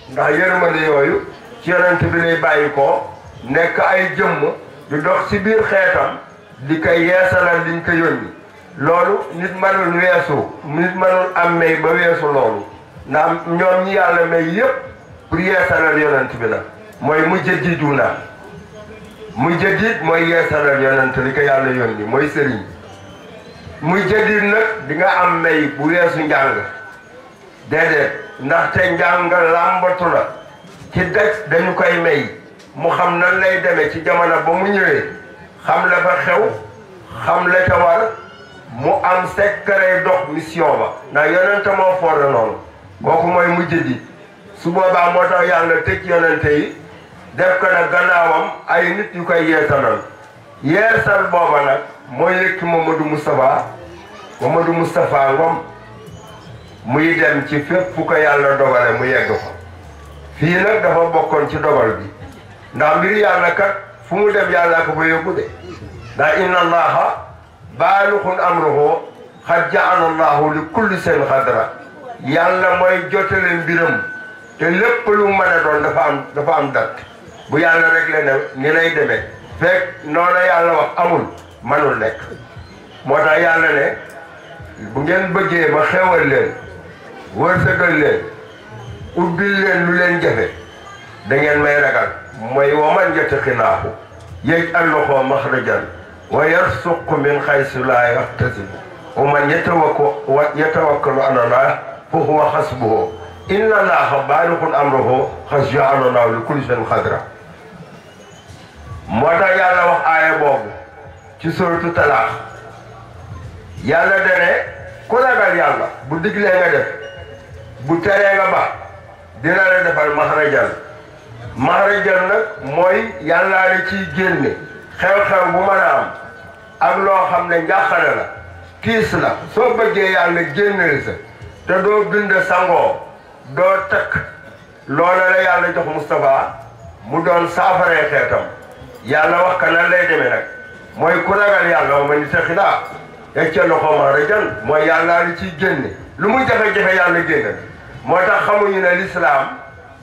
ndax yërmande yooyu ci yonent bi lay bàyyi ko nekk ay jëmm di dox ci biir xeetam di ko yeesalal liñ ko yónni loolu nit mënul weesu nit mënul am may ba weesu loolu ndax ñoom ñi yàlla may yépp pour yeesalal yonent bi la mooy mujjaddidu na mujjadid mooy yeesalal yonent li ko yàlla yónni mooy sëriñ mujjadid nag di nga am may bu weesu njàng déedéet ndaxte njàng làmbatu la ci dex dañu koy may mu xam nan lay deme ci jamono ba mu ñëwee xam la fa xew xam la ca mu am secret dox mission ba ndax yonente moo foore noonu kooku mooy mujj ji su boobaa moo tax yàlla tëj yonente yi def ko nag gannaawam ay nit yu koy yeesalal yeesal booba nag mooy lékki Mamadou Moustapha Mamadou Moustapha Ngom muy dem ci fépp fu ko yàlla dogale mu yegg fa fii nag dafa bokkoon ci dogal bi ndax mbir yàlla kat fu mu dem yàlla ko ba yóbbu de ndax inna allaha baalixun amruhu xad jaala allahu li kulli seen xadra yàlla mooy jotale mbiram te lépp lu doon dafa am dafa bu yàlla rek la ne ni lay demee fekk noona yàlla wax amul manul nekk moo tax yàlla ne bu ngeen bëggee ma xewal leen wërsëgal leen ubbil leen lu leen jafe da ngeen may ragal mooy waman yati xilaahu yej alloxoo maxrajan wa yarsuq min xaysu laa yaxtasibu wa man yatawakkalu alallah fa huwa xasbuhu inna laaha baaliqul amruhu xas jaala laahu li kulli shay'in qadra moo tax yàlla wax aaya boobu ci suratu talaax yàlla dene ku ragal yàlla bu diglee def bu teree ba dina la defal maxarajan maxarajan nag mooy yàllaa ci ciy génne xew-xew bu mën am ak loo xam ne njàqare la tiis la soo bëggee yàlla génne sa te doo bind sangoo doo takk loola la yàlla jox Moustapha mu doon saafaree xeetam yàlla wax ka nan lay demee mooy ku ragal yàlla ma ni taxidaa teg ca loxo maxarajan mooy yàllaa la ciy génne lu mu jafe-jafe yàlla génne moo tax xamuñu ne lislaam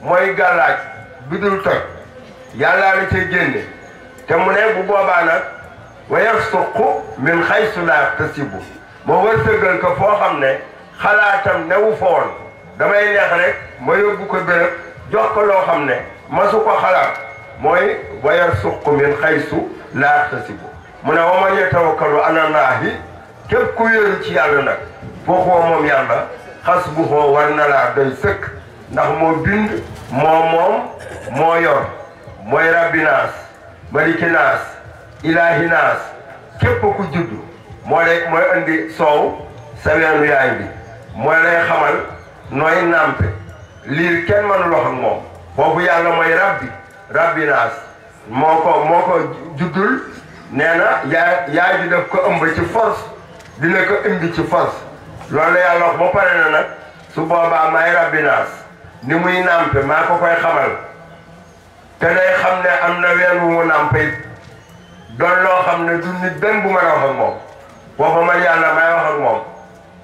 mooy gàllaaj bi dul toj yàllaa la cay te mu ne bu boobaa nag wa yarsuqu min xaysu laa yahtasibu ma wërsëgal ko foo xam ne xalaatam newu foon damay neex rek ma yóbbu ko béréb jox loo xam ne masu ko xalaat mooy wa yarsuqu min xaysu laa yahtasibu mu ne wa man yatawakkalu ala llaahi képp ku ci yàlla nag foo xuwa moom yàlla xas bu xoo war na laa doy sëkk ndax moo bind moo moom moo yor mooy rabbi naas maliki képp ku juddu moo lay mooy andi soow sa yaay bi mooy lay xamal nooy nàmpe liir kenn mënul wax moom foofu yàlla mooy rabbi rabbi moo ko moo ko juddul nee na yaa yaay bi daf ko ëmb ci force dina ko indi ci force loolu yàlla wax ba pare na nag su boobaa may rabbi ni muy nàmpe maa ko koy xamal te day xam ne am na weer wu mu nàmpe doon loo xam ne du nit benn bu mën a moom booba man yàlla may wax moom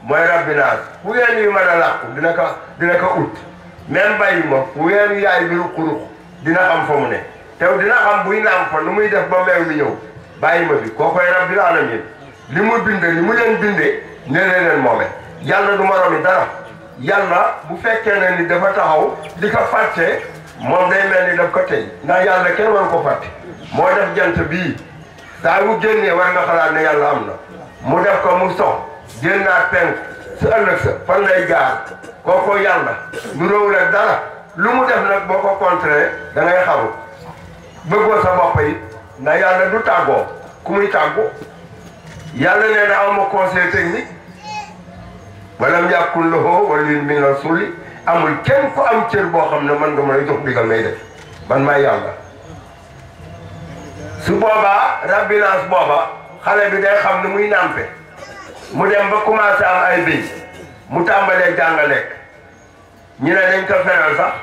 mooy rabbi naas fu ween yu mën làqu dina ko dina ut même bàyyi ma fu ween yu yaay bi ruq-ruq dina xam fa mu ne tew dina xam buy nàmp fa nu muy def ba meew mi ñëw bàyyi ma bi koo koy rabbil alamin li mu binde li mu leen binde ne leen moome yàlla du moromi dara yàlla bu fekkee na ni dafa taxaw di ko fàtte moom day mel ni daf ko tey ndax yàlla kenn waru ko fàtte moo def jant bii saa bu génnee war nga ne yàlla am na mu def ko mu sox génnaat penk su ëllëg sa fan lay gaar kooku yàlla du réewul dara lu mu def nag boo ko contré da ngay xaru bëggoo sa bopp yi ndax yàlla du tàggoo ku muy tàggu yàlla nee na aw ma conseil walam yàkkun loxoo wala min rasuli amul kenn ku am cër boo xam ne man nga mën a jox digal may def man maay yàlla su boobaa rabinaas booba xale bi day xam ne muy nàmpe mu dem ba commencé am ay béy mu tàmbalee jàng lekk ñu ne dañ ko feral sax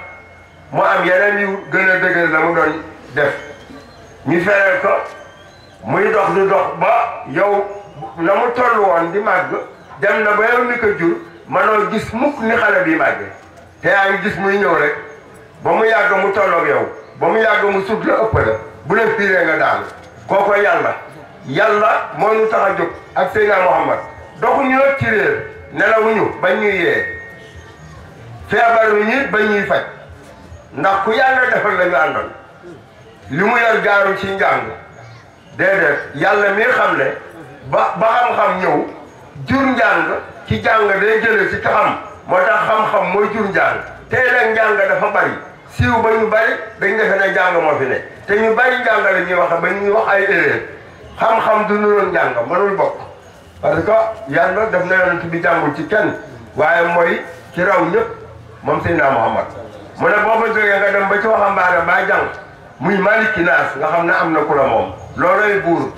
mu yeneen yu gën a dëgër doon def ñu feral ko muy dox du dox ba yow la mu toll woon di màgg dem na ba yow mi ko jur gis mukk ni xale bi màggee te yaa gis muy ñëw rek ba mu yàgg mu tolloog yow ba mu yàgg mu sut la ëpp la bu la fiiree nga daal kooko yàlla yàlla moo ñu tax a jóg ak Seydina Muhammad doxuñu nag ci réer nelawuñu bañ ñuy yee feebaruñu bañ ñuy faj ndax ku yàlla defal la ñu àndoon li mu yor gaaru ci njàng déedéet yàlla mi xam ne ba ba xam-xam ñëw jur njàng ci jàng day jële ci xam moo tax xam-xam mooy jur njàng te nag njàng dafa bari siiw ba ñu bari dañ defe ne njàng moo fi te ñu bari njàng la ñuy wax ba ñuy wax ay erreur du nuroon njàng mënul bokk parce que yàlla daf na yonent bi jàngul ci kenn waaye mooy ci raw ñëpp moom sëñ naa Muhammad mu ne boo fa jógee nga dem ba ci waxambaane ba jàng muy maliki naas nga xam ne am na ku la moom looloy buur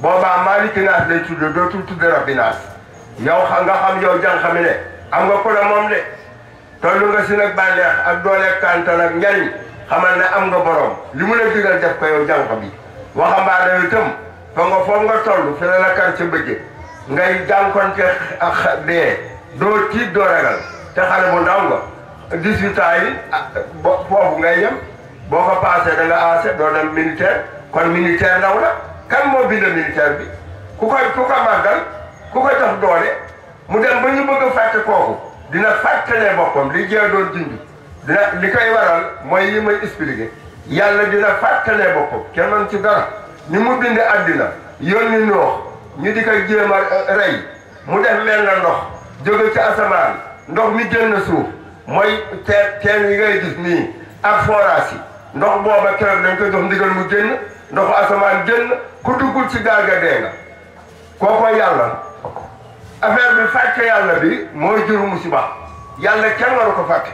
boobaa maliki naas lay tudd dootul tudd rabbi naas yow nga xam yow jànq mi ne am nga ku la moom de tollu nga si nag bànneex ak doole kàntan ak njariñ xamal ne am nga borom li mu la digal def ko yow jànq bi waxambaane yu tëm nga foofu nga toll fi la la kar ngay jànkonte ak dee doo tiit doo ragal te xale bu ndaw nga dix ah, foofu ngay yem boo ko paasee da nga aase doo dem militaire kon militaire ndaw la kan moo bind militaire bi ku koy ku ko màggal ku ko jox doole mu dem ba ñu bëgg a fàtte kooku dina fàttalee boppam li jee doon dindi dina li koy waral mooy yi may expliqué yàlla dina fàttalee boppam kenn man ci dara ni mu bind àddina yónni noox ñu di ko jéem a euh, rey mu def mel na ndox jóge ci asamaan ndox mi génn suuf mooy teen teen yi ngay gis nii ak forage yi ndox booba keroog dañ ko jox ndigal mu génn ndox asamaan génn ku ci gaal ga dee nga kookoo yàlla affaire bi fàtte yàlla bi mooy jur musiba yàlla kenn waru ko fàtte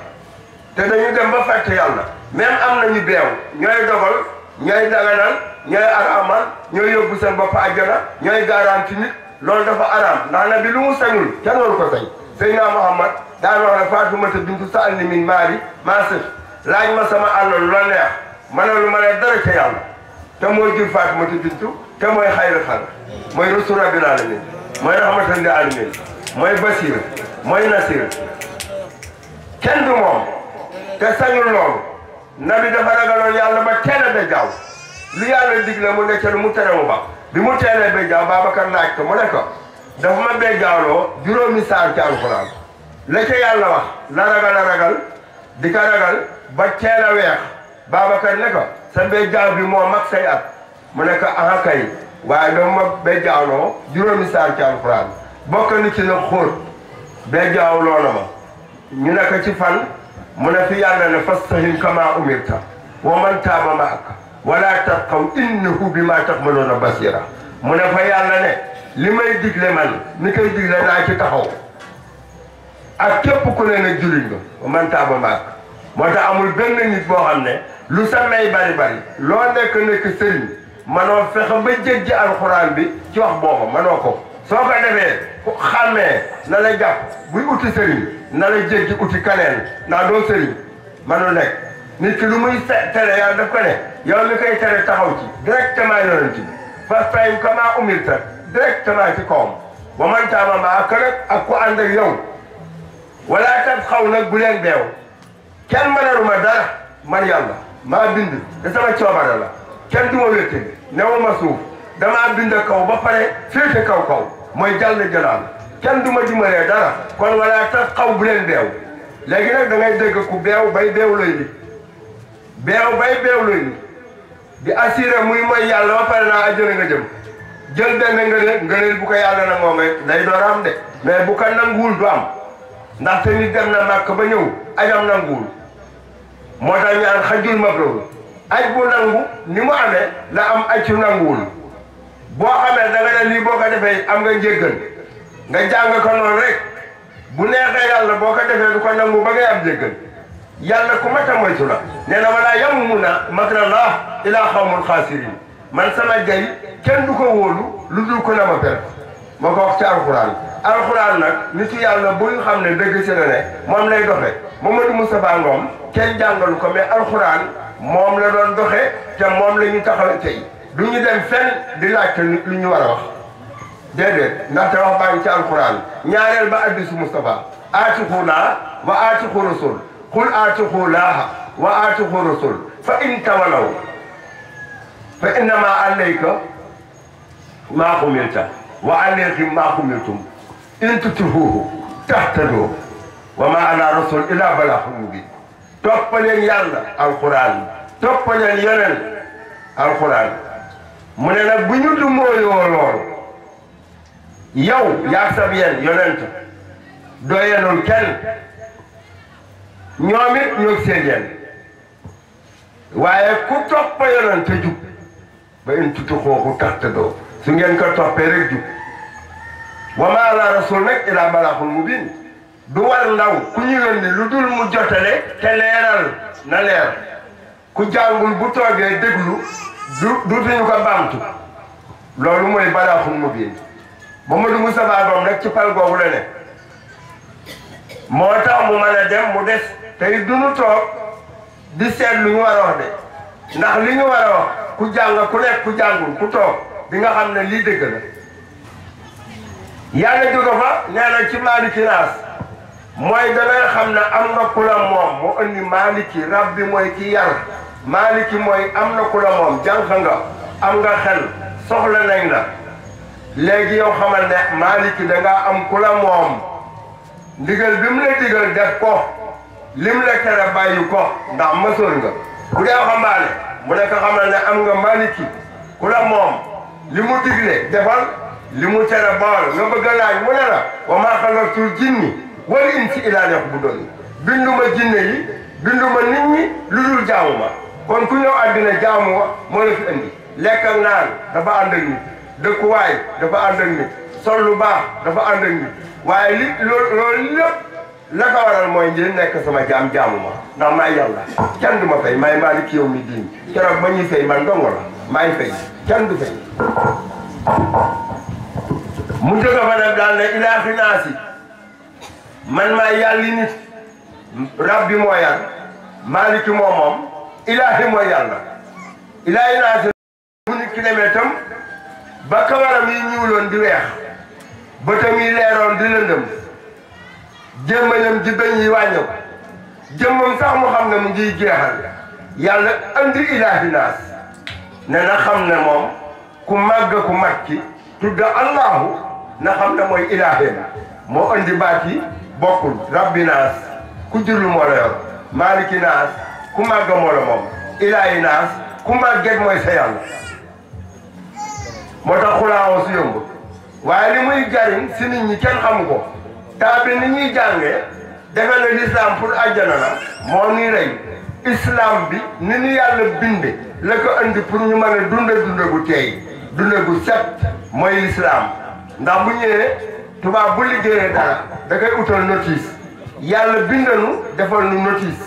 te dañu dem ba fàtte yàlla même am nañu beew ñooy dogal ñooy daganal ñooy araamal ñooy yóbbu seen bopp àjjana ñooy garanti nit loolu dafa araam ndax na bi lu mu sañul kenn waru ko sañ Seydina Muhammad daan wax ne Faatumata bintu Sa'd min maali maa sëf laaj ma sama àll lu la neex ma ne lu ma ne dara ca yàlla te mooy jur Faatumata bintu te mooy xayri xal mooy rasul rabbil alamin mooy rahmatan lil alamin mooy basir mooy nasir kenn du moom te sañul loolu nabi dafa ragaloon yàlla ba teel a bejaaw lu yàlla digle mu nekk lu mu tere mu ba bi mu teelee bejaaw Babacar laaj ko mu ne ko dafa ma bejaawloo juróomi saar ci alxuraan la yàlla wax la ragal a ragal di ka ragal ba teel a weex Babacar ne ko sa bejaaw bi moo mag say at mu ne ko waaye doomu ma bee jaawloo juróomi saar ci alxuraan bokk na ci nag xóot bee jaaw loona ma ñu ne ci fan mu ne fi yàlla ne fastahim kama umirta wa man taaba maak wala tatxaw innahu bi maa taxmaluuna basira mu ne yàlla ne li may digle man ni koy digle naa ci taxaw ak képp ku ne na jullit nga wa man taaba maak moo tax amul benn nit boo xam ne lu sa may bari bari loo nekk nekk sëriñ manoo fexe ba jéggi alxuraan bi ci wax booba manoo ko soo ko defee ku xàmmee na la jàpp buy uti sëriñ na la jéggi uti kaneen naa doo sëriñ manu nekk nit ki lu muy tere yàlla daf ko ne yow mi koy tere taxaw ci directement yonent bi fastaqim kamaa umirta directement ci kawam wa man taaba maaka nag ak ku ànd ak yow wala tab xaw nag bu leen beew kenn mënaluma dara man yàlla maa bind te sama coobare la kenn du ma ma suuf damaa bind kaw ba pare féete kaw kaw mooy jàll jëlaal kenn du ma dimbalee dara kon wala tax xaw bu leen beew léegi nag da ngay dégg ku beew bay beew lay nit beew bay beew lay nit di assuré muy mooy yàlla ba naa ajjana nga jëm jël benn ngëneel ngëneel bu ko yàlla na ngoo ngay day am de mais bu ko nanguwul du am ndaxte nit dem na màkk ba ñëw ajam nanguwul moo tax ñaan xajul mabroor ay bu nangu ni mu amee la am aj su nanguwul boo xamee da nga boo ko defee am nga njéggal nga jàng ko noonu rek bu neexee yàlla boo ko defee du ko nangu ba ngay am njéggal yàlla ku mat a moytu la nee na wala yamumuna makrallah ilaa xawmul xaasirin man sama jay kenn du ko wóolu lu dul ko na ma per ma ko ci alxuraan alxuraan nag nitu yàlla bu ñu xam ne dëgg si la moom lay doxe Mamadou Moustapha Ngom kenn jàngalu ko mais alxuraan mom la doon doxé te mom la ñu taxawee tey du ñu dem fenn di lacc lu ñu war a wax déedéet ndaxte wax baa ci alquran ñaarel ba addisu mustafa aatiqu laaha wa aatiqu rasul qul aatiqu laaha wa aatiqu rasul fa in tawalaw fa innama alayka ma qumilta wa alayhim ma qumiltum in tutuhu tahtadu wa ma ala rasul illa balaaxun mubiin toppaleen yàlla alxuraan toppaleen yoneen alxuraan mu ne nag bu ñu du mooyoo lool yow yaa sab yeen yonent doo yenul kenn ñoom it ñoo waaye ku toppa yonent te jub ba in tutu xooxu tax te doo su ngeen ko toppee rek jub wa maa laa rasul nag ilaa balaaxul mubiin du war ndaw ku ñu lu dul mu jotale te leeral na leer ku jàngul bu toogee déglu du du fi ñu loolu mooy balaaxum mu biin ba mu dugg sabaabam rek ci pal googu la ne moo tax mu mën a dem du nu di seet lu ñu de ndax li ñu war a wax ku jàng ku nekk ku jàngul ku toog di nga xam ne lii dëgg la yàlla jóge ci maali mooy dangay xam na am na ku la moom mu indi maaliki rab bi mooy ki yar maaliki mooy am na ku la moom jànq nga am nga xel soxla nañ la léegi yow xamal ne maaliki dangaa am ku la moom ndigal bi mu la digal def ko lim la tere bàyyi ko ndax mësoon nga ku dee xambaane mu nekk xamal ne am nga maaliki ku la moom li mu digle defal li mu tere bool nga bëgg laaj mu ne wa maa xalaqtul jinni wala in si ilaa leex bu doon binduma jinne yi binduma nit ñi lu dul jaamu ma kon ku ñëw àddina jaamu ma moo la fi indi naan dafa ànd ak nit dëkkuwaay dafa ànd ak nit sol lu baax dafa ànd ak nit waaye li loolu lépp la ko waral mooy njëriñ nekk sama jaam jaamu ma ndax maay yàlla kenn du ma fay maay maalik yow mi diin keroog ma ñuy fay man dongo la maay fay kenn du fay mu jóge fa nag daal ne ilaa xinaasi man maa yàlli nit rabbi moo yàll maaliki moo moom ilaahi moo yàlla ilaahi naa bu nit ki demee tam ba kawaram yi ñuuloon di weex bëtam yi leeroon di lëndëm jémmañam ji bëñ yi wàññeeku jëmmam sax mu xam ne mu ngiy jeexal yàlla andi ilaahi naas ne na xam ne moom ku màgg ku màcc tudda allahu na xam ne mooy ilaahi moo andi baat bokkul rabbi naas ku jurlu moo la yor maaliki naas ku màgga moo la moom ilaahi naas ku màgget mooy sa moo tax xulaawoo waaye li muy jariñ si nit ñi kenn xamu bi ni ñuy jàngee defe na l'islam pour àjjana moo nii rey islam bi ni ñu yàlla binde la ko andi pour ñu mën a dunda dunda gu teey dunda gu set bu ñëwee tubaab bu liggéeyee dara da koy utal notice yàlla bindanu defal nu notice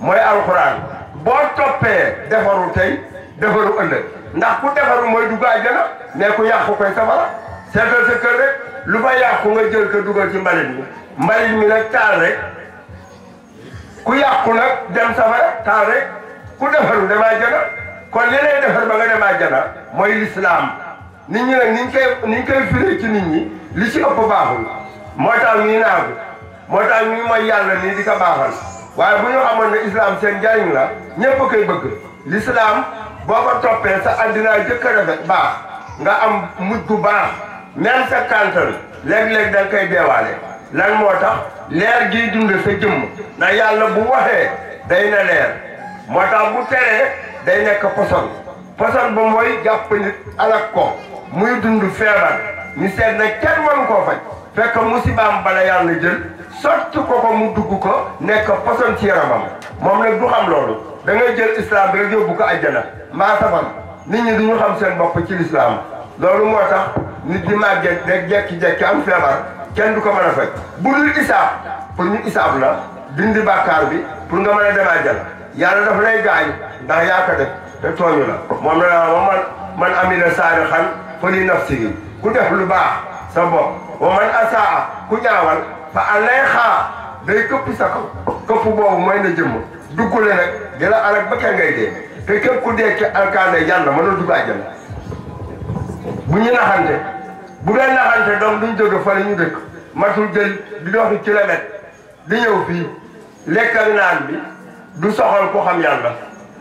mooy alxuraan boo toppee defaru tey defaru ëllëg ndax ku defaru mooy dugg àjjana mais ku yàqu koy safara seetal sa kër rek lu fa yàqu nga jël ko dugal ci mbalit mi mbalit mi nag taal rek ku yàqu nag dem safara taal rek ku defaru dem àjjana kon li lay defar ba nga dem àjjana mooy lislaam nit ñi nag ni ñu koy ni ñu koy firee ci nit ñi li ci ëpp baaxul moo tax ñuy moo tax ñuy mooy yàlla nii di ko waaye bu ñu xamoon ne islam seen njariñ la ñëpp koy bëgg l'islam boo ko toppee sa addinaa jëkk a rafet nga am mujj gu baax même sa kantan léeg-léeg da koy deewaale lan moo tax leer gii dund sa jëmm na yàlla bu waxee day na leer moo tax bu teree day nekk poson poson ba mooy jàpp nit alak ko muy dund feebar ñu seet na kenn waru koo faj fekk musibaam bala yàlla jël sotti ko ko mu dugg ko nekk poson ci yaramam moom nag du xam loolu da ngay jël islam rek yóbbu ko ajjana mbaa safan nit ñi du ñu xam seen bopp ci lislaam loolu moo tax nit di màgget rek jekki-jekki am feebar kenn du ko mën a faj bu dul isaab pour ñu isaab la dindi bàkkaar bi pour nga mën a dem ajjana yàlla daf lay gaañ ndax yaa ko def te tooñu la moom la man man amila saari fa li nafsihi ku def lu baax sa bopp wa man asaa ku ñaawal fa alayha day këpp sa kaw këpp boobu mooy na jëmm duggule nag di la alak ba kenn ngay dee te képp ku dee ci alkaane yàlla mënul dugg àjjana bu ñu naxante bu dee naxante donc duñ jóge fa la ñu dëkk matul jël di doxi kilomètre di ñëw fii lekk ak naan bi du soxal ku xam yàlla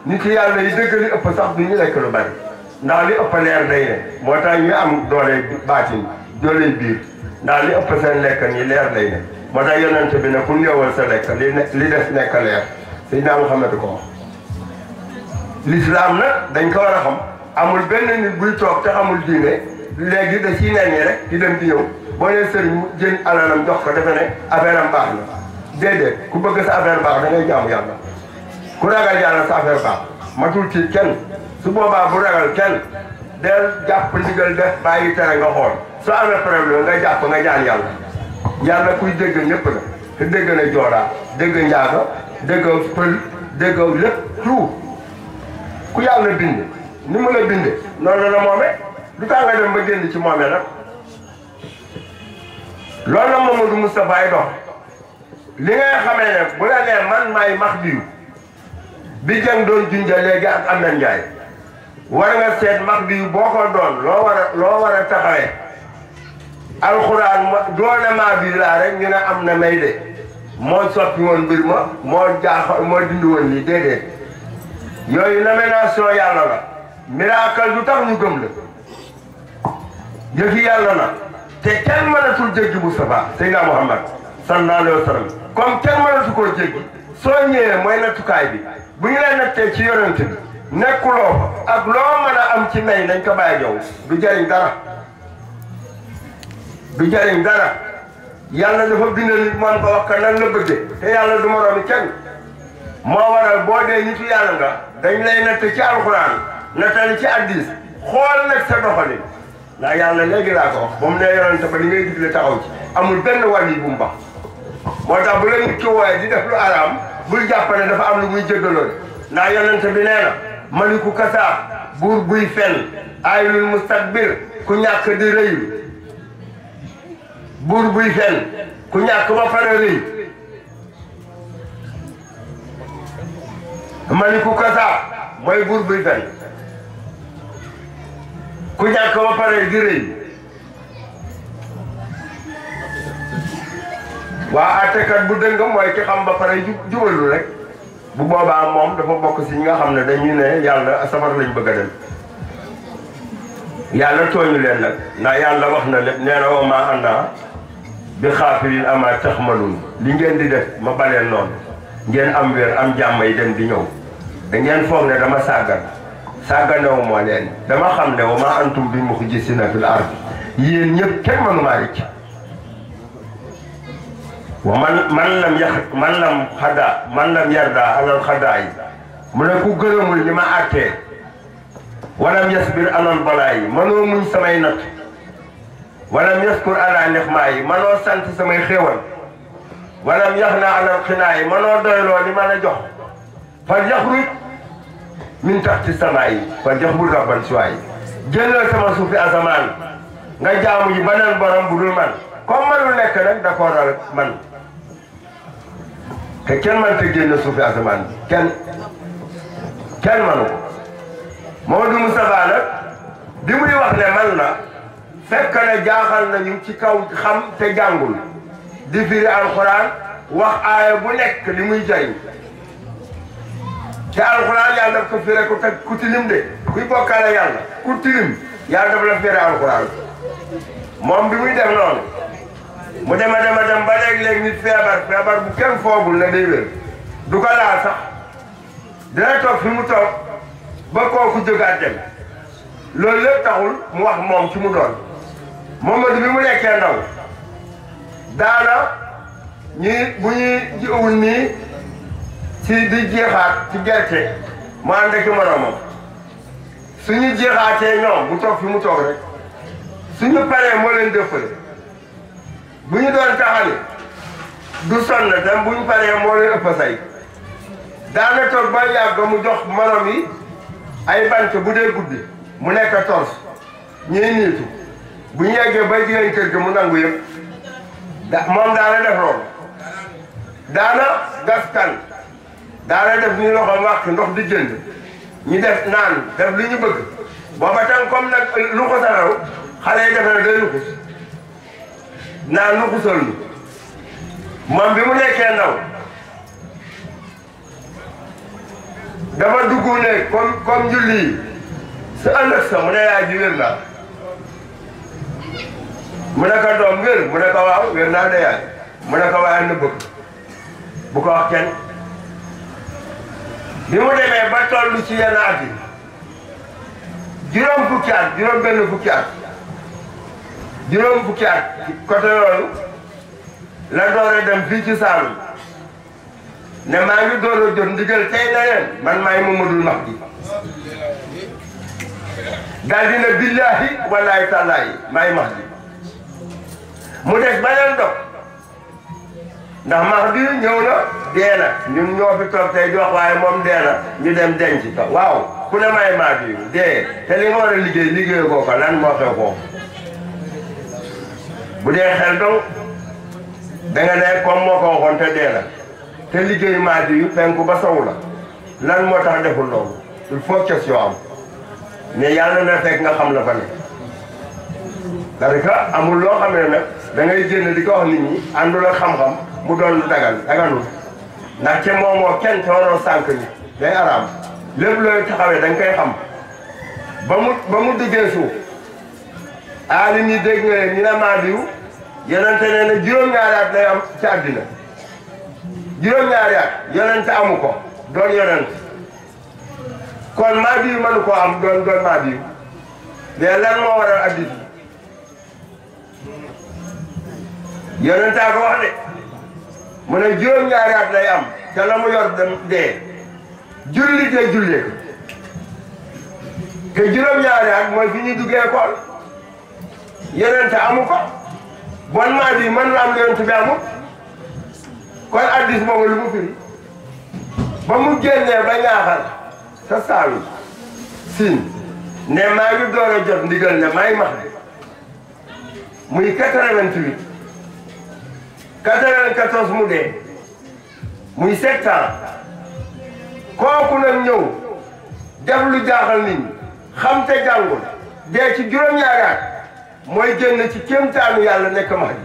nit yàlla yi dëgg li ëpp sax du ñu lekk lu bari ndax li ëpp leer day ne moo tax ñu am doole baatin doole biir ndax li ëpp seen lekk nii leer day ne moo tax yonent bi ne ku néewal sa lekk li li des nekk leer sëñ naa Muhammad ko lislaam nag dañ ko war a xam amul benn nit buy toog te amul diine léegi da ciy nen rek di dem di ñëw boo nee sëriñ jën alalam jox ko defe ne am baax na déedéet ku bëgg sa affaire baax da ngay jaamu yàlla ku ragal yàlla sa affaire baax matul ci kenn su boobaa bu ragal kenn del jàpp ndigal def bàyyi tere nga xool su amee problème nga jàpp nga ñaan yàlla yàlla kuy dégg ñëpp la te dégg na joolaa dégg njaaga dégg ku yàlla bind ni mu la binde noonu la moome du tax nga dem ba génn ci moome nag loolu la Mamadou Moustapha ay dox li ngay xamee ne bu la nee man maay max biyu bi jëng doon junja léegi ak am na njaay war nga seet mag bi boo ko doon loo war a loo war a taxawee alxuraan ma doone maa bi laa rek ñu ne am na may de moo soppi woon mbir ma moo jaaxal moo dindi woon lii déedéet yooyu nomination yàlla la miracle du tax ñu gëm la jëfi yàlla la te kenn mënatul jéggi Moustapha Seydina Mouhamad sallallahu alayhi wa sallam comme kenn mënatu koo jéggi soo ñëwee mooy nattukaay bi bu ñu lay nattee ci yonent nekkuloo fa ak loo mën a am ci nay nañ ko bàyyi jow du jariñ dara du jariñ dara yàlla dafa bind nit moom ko wax ka nan la bëgge te yàlla du moroomi kenn moo waral boo dee ñu yàlla nga dañ lay natt ci alxuraan nattali ci addis xool nag sa doxalin ndax yàlla léegi laa ko wax ba mu ne yonante ba li ngay digle taxaw ci amul benn wàll yi bu mu bax moo tax bu la nit di def lu araam bul jàpp dafa am lu muy jéggaloo ndax yonante bi nee maliku kasaab buur buy fen ayulul mustakbir ku ñàkk di rëyu buur buy fen ku ñàkk ba pare rëy maliku kasaab mooy buur buy fen ku ñàkk ba pare di rëy waa àttekat bu dëngam mooy ki xam ba pare jubalu rek bu boobaa moom dafa bokk si ñi nga xam ne dañuy ne yàlla safar lañ bëgg a dem yàlla tooñu leen nag ndax yàlla wax na lépp nee na wa maa ana bi xaafirin ama taxmalun li ngeen di def ma baleen noonu ngeen am wér am jàmm yi dem di ñëw da ngeen foog ne dama sàggan sàgganewu moo leen dama xam ne wa maa antum bi mu ko gis si na fil ard yéen ñëpp kenn mënu maa rëcc wa man man lam yax man lam xada man lam yarda alal xadaay mu ne ku gërëmul li ma àttee walam yasbir alal balaay mënoo muñ samay natt walam yaskur ala nixmaay mënoo sant samay xéewal walam yax na alal xinaay mënoo doyloo li ma la jox fal yaxruj min taxti samaay fal yaxruj rabban siwaay jëlal sama suufi asamaan nga jaamu ji borom bu dul man comme manul nekk nag da man te kenn man te génn suufi asamaan bi kenn kenn manu ko Mamadou Moustapha nag bi muy wax ne man na fekk na jaaxal nañu ci kaw xam te jàngul di alxuraan wax aaya bu nekk li muy jariñ te alxuraan yàlla daf ko firi ku teg ku tilim de kuy bokkaale yàlla ku tilim yàlla daf la firi alxuraan moom bi muy def noonu mu dem a dem a dem ba léeg-léeg feebar feebar bu kenn foogul na day wér du ko laal sax dina toog fi mu toog ba kooku jógaat dem loolu lépp taxul mu wax moom ci mu doon Momadou bi mu nekkee ndaw daana ñuy bu ñuy jiwul nii ci di jeexaat ci gerte mu ànd ak moroomam suñu jeexaatee ñoom bu toog fi mu toog rek suñu paree moo leen dëppale bu ñu doon taxali du sonn dem bu ñu paree moo leen ëpp say daana toog ba yàgg mu jox morom yi ay bant bu dee guddi mu nekk tors ñuy niitu bu ñu yeggee bay jigéen kër gi mu nangu yëpp da moom daana def loolu daana gas kan daana def ñu loxo wàq ndox di jënd ñu def naan def li ñu bëgg booba tam comme nag lu ko xale yi defe na day luxus naa nu xusal nu moom bi mu nekkee ndaw dafa dugg ne comme comme julli yi sa sa mu ne yaay ji wér naa mu ne ko doom wér mu ne ko waaw wér naa de yaay mu ne ko waaye na bëgg bu ko wax bi mu demee ba toll ci yenn at yi juróom fukki at juróom benn fukki at juróom fukki at ci côté loolu la door a dem fii ci ne maa ngi jot ndigal tey na leen man maay Mamadul Mahdi daal di ne billahi wallahi tàllaahi maay Mahdi mu des beneen dog ndax Mahdi ñëw na dee na ñun ñoo fi toog tey moom dee ñu dem denc ko waaw ku ne maay Mahdi dee te li nga liggéey liggéey koo ko lan moo bu dee xel dong da ne comme moo ko waxoon te dee la te liggéey maadi penku ba sow la lan moo tax deful loolu il faut question am ne yàlla na fekk nga xam la fa ne que amul loo xam ne nag da ngay génn di ko wax nit ñi àndul ak xam-xam mu doon dagal daganul ndax ca moomoo kenn ca waroo sànq ni day araam lépp looy taxawee da nga koy xam ba mu ba mu duggee suuf aali ni dégg nga ne ñu ne maadiw yonente nee na juróom-ñaari at lay am ci àddina juróom-ñaari at yonente amu ko doon yonente kon maa biyu mënu koo am doon doon maa biyu mais lan moo waral addis yonente a ko wax de mu ne juróom-ñaari at lay am te la mu yor dem dee julli te jullee te juróom-ñaari at mooy fi ñuy duggee kool yonente amu ko bon maa bi man la am yonent bi amul kon addis moomu lu mu firi ba mu génnee ba ñaaxal sa saalum ne maa ngi door a jot ndigal ne maay max bi muy 88 94 mu dee muy sept kooku nag ñëw def lu jaaxal nit xam te jàngul dee ci juróom-ñaari at mooy génn ci kéemtaanu yàlla nekk Mahdi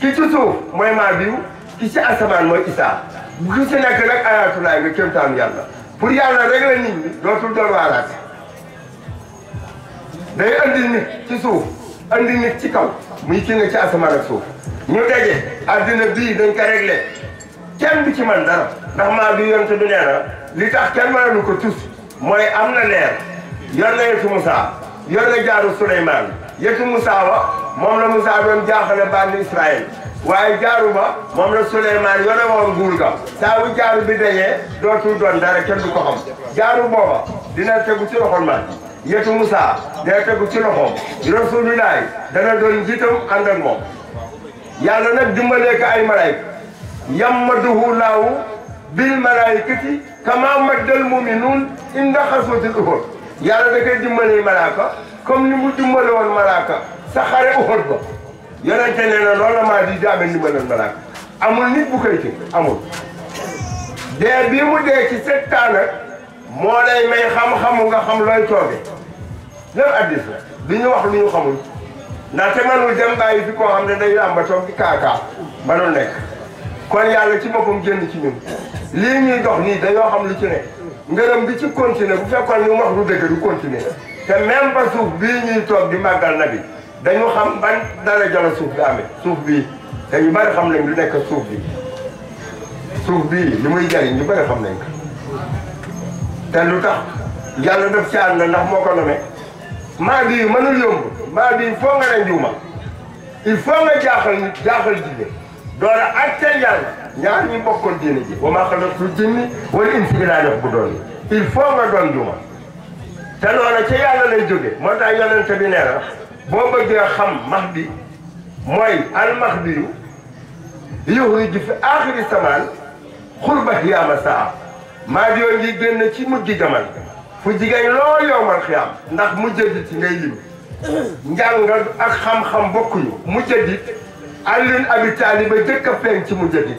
ki ci suuf mooy Mahdiyu ki ci asamaan mooy Isaa bu ki ci nekk rek ayaatulaay nga kéemtaanu yàlla pour yàlla rek la nit ñi dootul doon waalaat day andi nit ci suuf andi nit ci kaw muy ki ci asamaan ak suuf ñu daje addina bii dañ ko réglé kenn bi ci man dara ndax Mahdiyu yonte bi nee li tax kenn mënalu ko tus mooy am na leer yor na yetu Musaa yor na jaaru Suleymaan yëtu Moussa wa moom la Moussa doon jaaxale bànni Israël waaye jaaru ba moom la Souleymane yore woon nguur ga saa bu bi dajee dootul doon dara kenn du ko xam jaaru booba dina tegu ci loxol man yëtu Moussa dina tegu ci loxoom Rasulullaay dana doon jiitam ànd ak moom yàlla nag dimbalee ko ay malayka yammaduhu laahu bil malaykati kama maddal muminuun inda xaswatil uxur yàlla da koy dimbalee malaaka comme ni mu dimbale woon malaaka sa xare Uhud ba yonente nee na loolu maa di daamee ndimbaloon malaaka amul nit bu ci amul dee bii mu dee ci sept ans nag moo lay may xam-xamu nga xam looy tooge lépp addis la du ñu wax lu ñu xamul ndaxte manul dem bàyyi fi koo xam ne day làmba toog di kaakaa manul nekk kon yàlla ci boppam jënd ci ñun lii ñuy dox nii dañoo xam lu ci ne ngërëm bi ci continuer bu fekkoon ñu wax lu dëgg du continuer ke même ba suuf bii ñuy toog di màggal na bi dañu xam ban daraja la suuf bi amee suuf bii te ñu bëri xam nañ lu nekk suuf bi suuf bii li muy jariñ ñu bëri xam nañ ko te lu tax yàlla si ci ànd ndax moo ko nomee maa bii mënul yomb maa bii foo nga ne njuuma il faut nga jaaxal nit jaaxal jigéen doole ak ca yàlla ñaar ñu bokkoon diine ji wa maa xalaqtul jinna wal insa illaa liya'buduun il faut nga doon njuuma تلوانا كي يالنا الجوغي مرتا يالنا تبينينا بو بجي خم مهدي موي المهدي يهرج في آخر السمان خربة يا مساء ما ديو جي جنة كي مجي جمال فجي جاي لو يوم الخيام ناك مجي جي تنجي لي نجانغ أخم خم بوكو مجي جي ألين أبي تالي بجيك فين كي مجي جي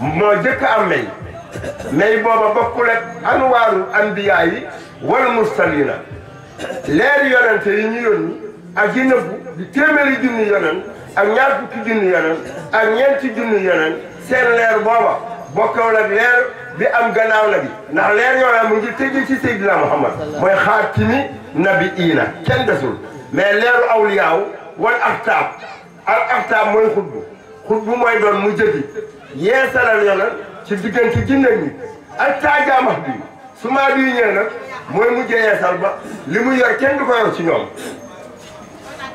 ما جيك أمي مي بابا بوكو لك أنوار أنبيائي والمرسلين لا يلان تيميون اجينو دي تيميري دين يلان اك نياك كي دين يلان اك نيان تي دين يلان سين لير بابا بوكو لا لير بي ام غناو نبي نا لير يوا مونجي تيجي لا سيدنا محمد موي خاتمي نبي اينا كين دسول مي لير اولياء والاحتاب الاحتاب موي خطبه خطبه موي دون مو جدي يسال يلان سي ديغنتي دين ني التاجا مهدي su maadu yi ñëwee nag mooy mujjee yeesal ba li mu yor kenn di ko yor ci ñoom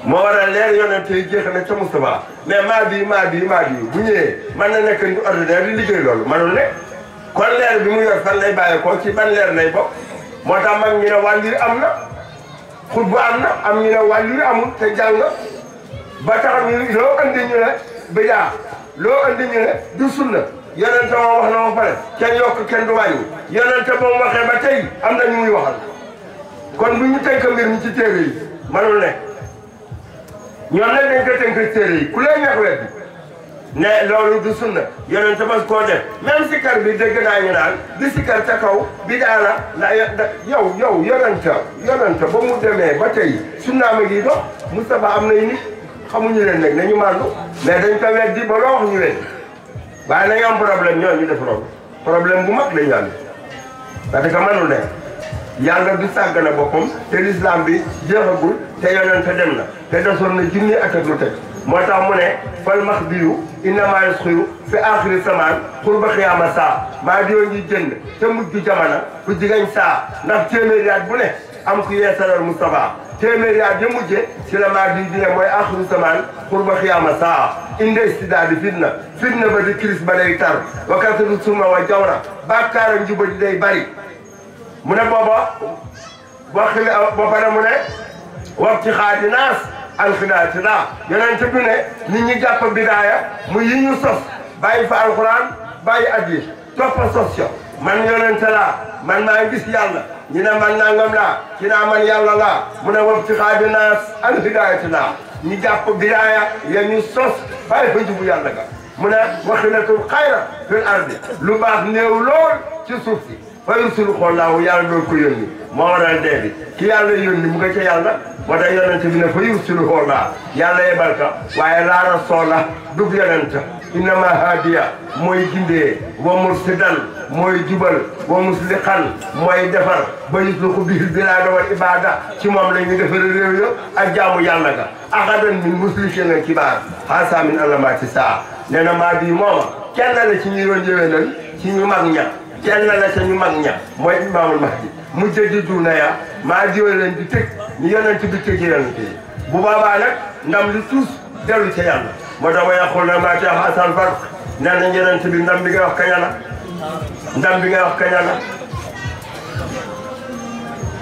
moo a leer yonent yi jeex na ca Moustapha mais maadu yi maadu yi maadu yi bu ñëwee mën na nekk ñu ordinaire di liggéey loolu manul ne kon leer bi mu yor fan lay bàyyeekoo ci ban leer lay bokk moo tax mag ñu ne wàllir am na xutbu am na am ñu ne wàllir amul te jàng ba tax ñu loo andi ñu ne bidaa loo andi ñu ne du sunna yonente moom wax na ba pare kenn yokk kenn du wàññi yonente moom waxee ba tey am na ñu muy waxal kon bu ñu tënk mbir mi ci téere yi manul nekk ñoom nag dañ ko tënk yi ku lay neex wet bi ne loolu du sunna yonente mas koo def même sikar bi dégg naa ñu naan di sikar kaw bi daala la yow yow yonente yonente ba mu demee ba tey sunnaa ma ngi dox Moustapha am nay nit xamuñu leen nag nañu màndu mais dañ ko weddi ba loo wax ñu leen waaye dañoo am problème ñoo ñu def loolu problème bu mag lañu am parce que mënu ne yàlla du sàgg na boppam te lislaam bi jeexagul te yonente dem na te desoon na junni ak ak lu teg moo tax mu ne fal max biyu innamaa yasxiru fi aaxiri samaan xurba xiyaama saa maa di ngi jënd te mujj jamana bu jigañ saa ndax téeméeri at bu ne am ku yeesalal Moustapha téeméer yaa ja mujje ci la maa di dina mooy axiru samaan pour ba xiyaama saa inde istidaadi fitna fitna ba di crise ba day tar wakkatadu suma wa jawra bàkkaara njuba di day bari mu ne booba waxi ba pare mu ne wax ci xaadi naas alxidaa ci daa yonent bi ne nit ñi jàpp bidaaya mu yi ñu sos bàyyi fa alxuraan bàyyi at yi toppa sos yo man yonente laa man maa gis yàlla ñu na man nangam laa ci naa man yàlla laa mu ne wëb ci naas an naa ñu jàpp bidaaya ya ñu sos bàyyi fa jubu yàlla ga mu ne waxilatul xayra fil ardi lu baax néew lool ci suuf si fa yursilu xoolaahu yàlla doon ko yónni moo waral dee bi ki yàlla yónni mu nga ca yàlla moo tax yonente bi ne fa yursilu xoolaahu yàlla yebal ka waaye laara soola dug yonente innama haadiya mooy gindee wa mursidan mooy jubal wa muslihan mooy defar ba yusluxu bihil bilaada wal ibaada ci moom la ñu defar réew yo ak jaamu yàlla ga ahadan min muslikin kibaar haasa min alamaati saa nee na maa bii mooma kenn la ci ñu doon jëwee nan ci ñu mag ña kenn la ca ñu mag ña mooy imaamul mahdi mu jëddi duuna ya maa diwa leen di tëg ñu yonent bi tëg yonent yi bu boobaa nag ndam li tuus dellu ca yàlla moo tax ma yàqul na maa ca far nee na njëriñ bi nga wax kañ la bi nga wax kañ la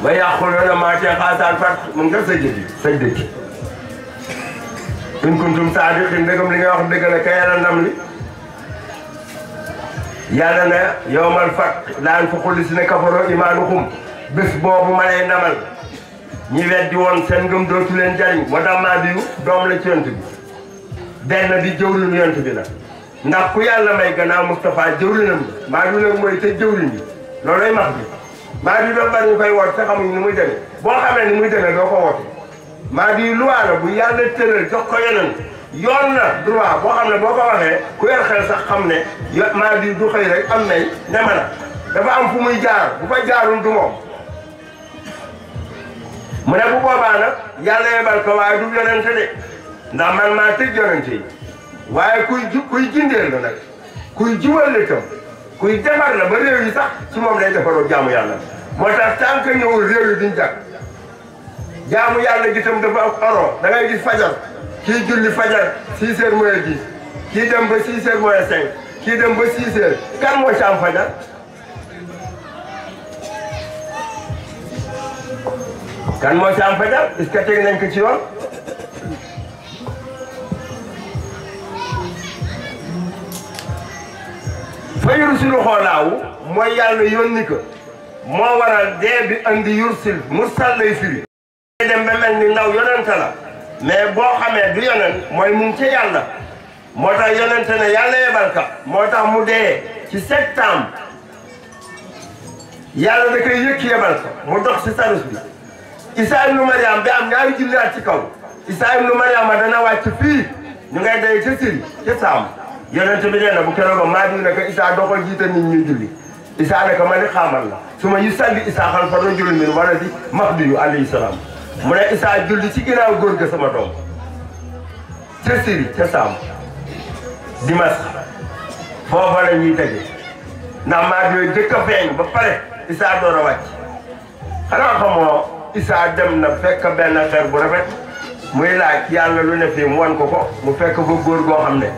ma yàqul na maa ca far mu nga sa jëli sa dëkk in kuntum saadiqin ndegam li nga wax dëgg la kañ la yàlla na yowmal fat daan fa xulli si ne kafaroo imaanukum bés boobu ma lay ndamal ñi weddi woon seen ngëm dootu jariñ moo tax maa biyu doom la ci yonent bi benn bi jëwriñu yonent bi la ndax ku yàlla may gannaaw Moustapha jëwriñam la maa du nag mooy te jëwriñ bi looloy max bi maa du doon bari ñu koy woote te xamuñ ni muy demee boo xamee ni muy demee doo ko maa du luwaa bu yàlla tëral jox ko yeneen boo xam ne boo ko waxee ku yor xel sax xam ne maa du du xëy rek am nay ne mën dafa am fu muy jaar bu fa jaarul du moom mu ne bu boobaa yàlla yebal ko waaye du yonente de ndax man maa tëj yonent yi waaye kuy ju kuy jindeel la nag kuy jubal la itam kuy defar la ba réew yi sax ci moom lay defaroo jaamu yàlla moo tax tant que ñëwul réew yi duñ jaamu yàlla gi itam dafa am oro da ngay gis fajar kii julli fajar six heures moins dix kii dem ba six heures moins kii dem ba kan moo ci fajar kan moo ci fajar est-ce que teg nañ fa yursilu xoolaawu mooy yàlla yónni ko moo waral dee bi andi yursil mursal lay firi dem ba mel naw ndaw yonente la mais boo xamee du yonent mooy mu ci ca yàlla moo tax yonente ne yàlla yebal ka moo tax mu dee ci septembre yàlla da koy yëkki yebal ka mu dox ci sarus bi Isaa ibnu Mariam bi am ñaari junni at ci kaw Isaa ibnu Mariam dana wàcc fii ñu a day ca Siri ca Saam yonente bi nee bu keroog maa di naka Isaa doo ko jiite nit julli Isaa naka ma li xaamal la su ma yu salli Isaa xal fa doon julli min wala di mahdi yu alayhi salaam mu ne Isaa julli ci ginnaaw góor ga sama doom ca Siri ca Saam Dimas foofa la ñuy tege ndax maa di jëkk a feeñ ba pare Isaa door a wàcc xanaa xamoo Isaa dem na fekk benn xeer bu rafet muy laaj yàlla lu ne fii mu wan ko ko mu fekk ko góor goo xam ne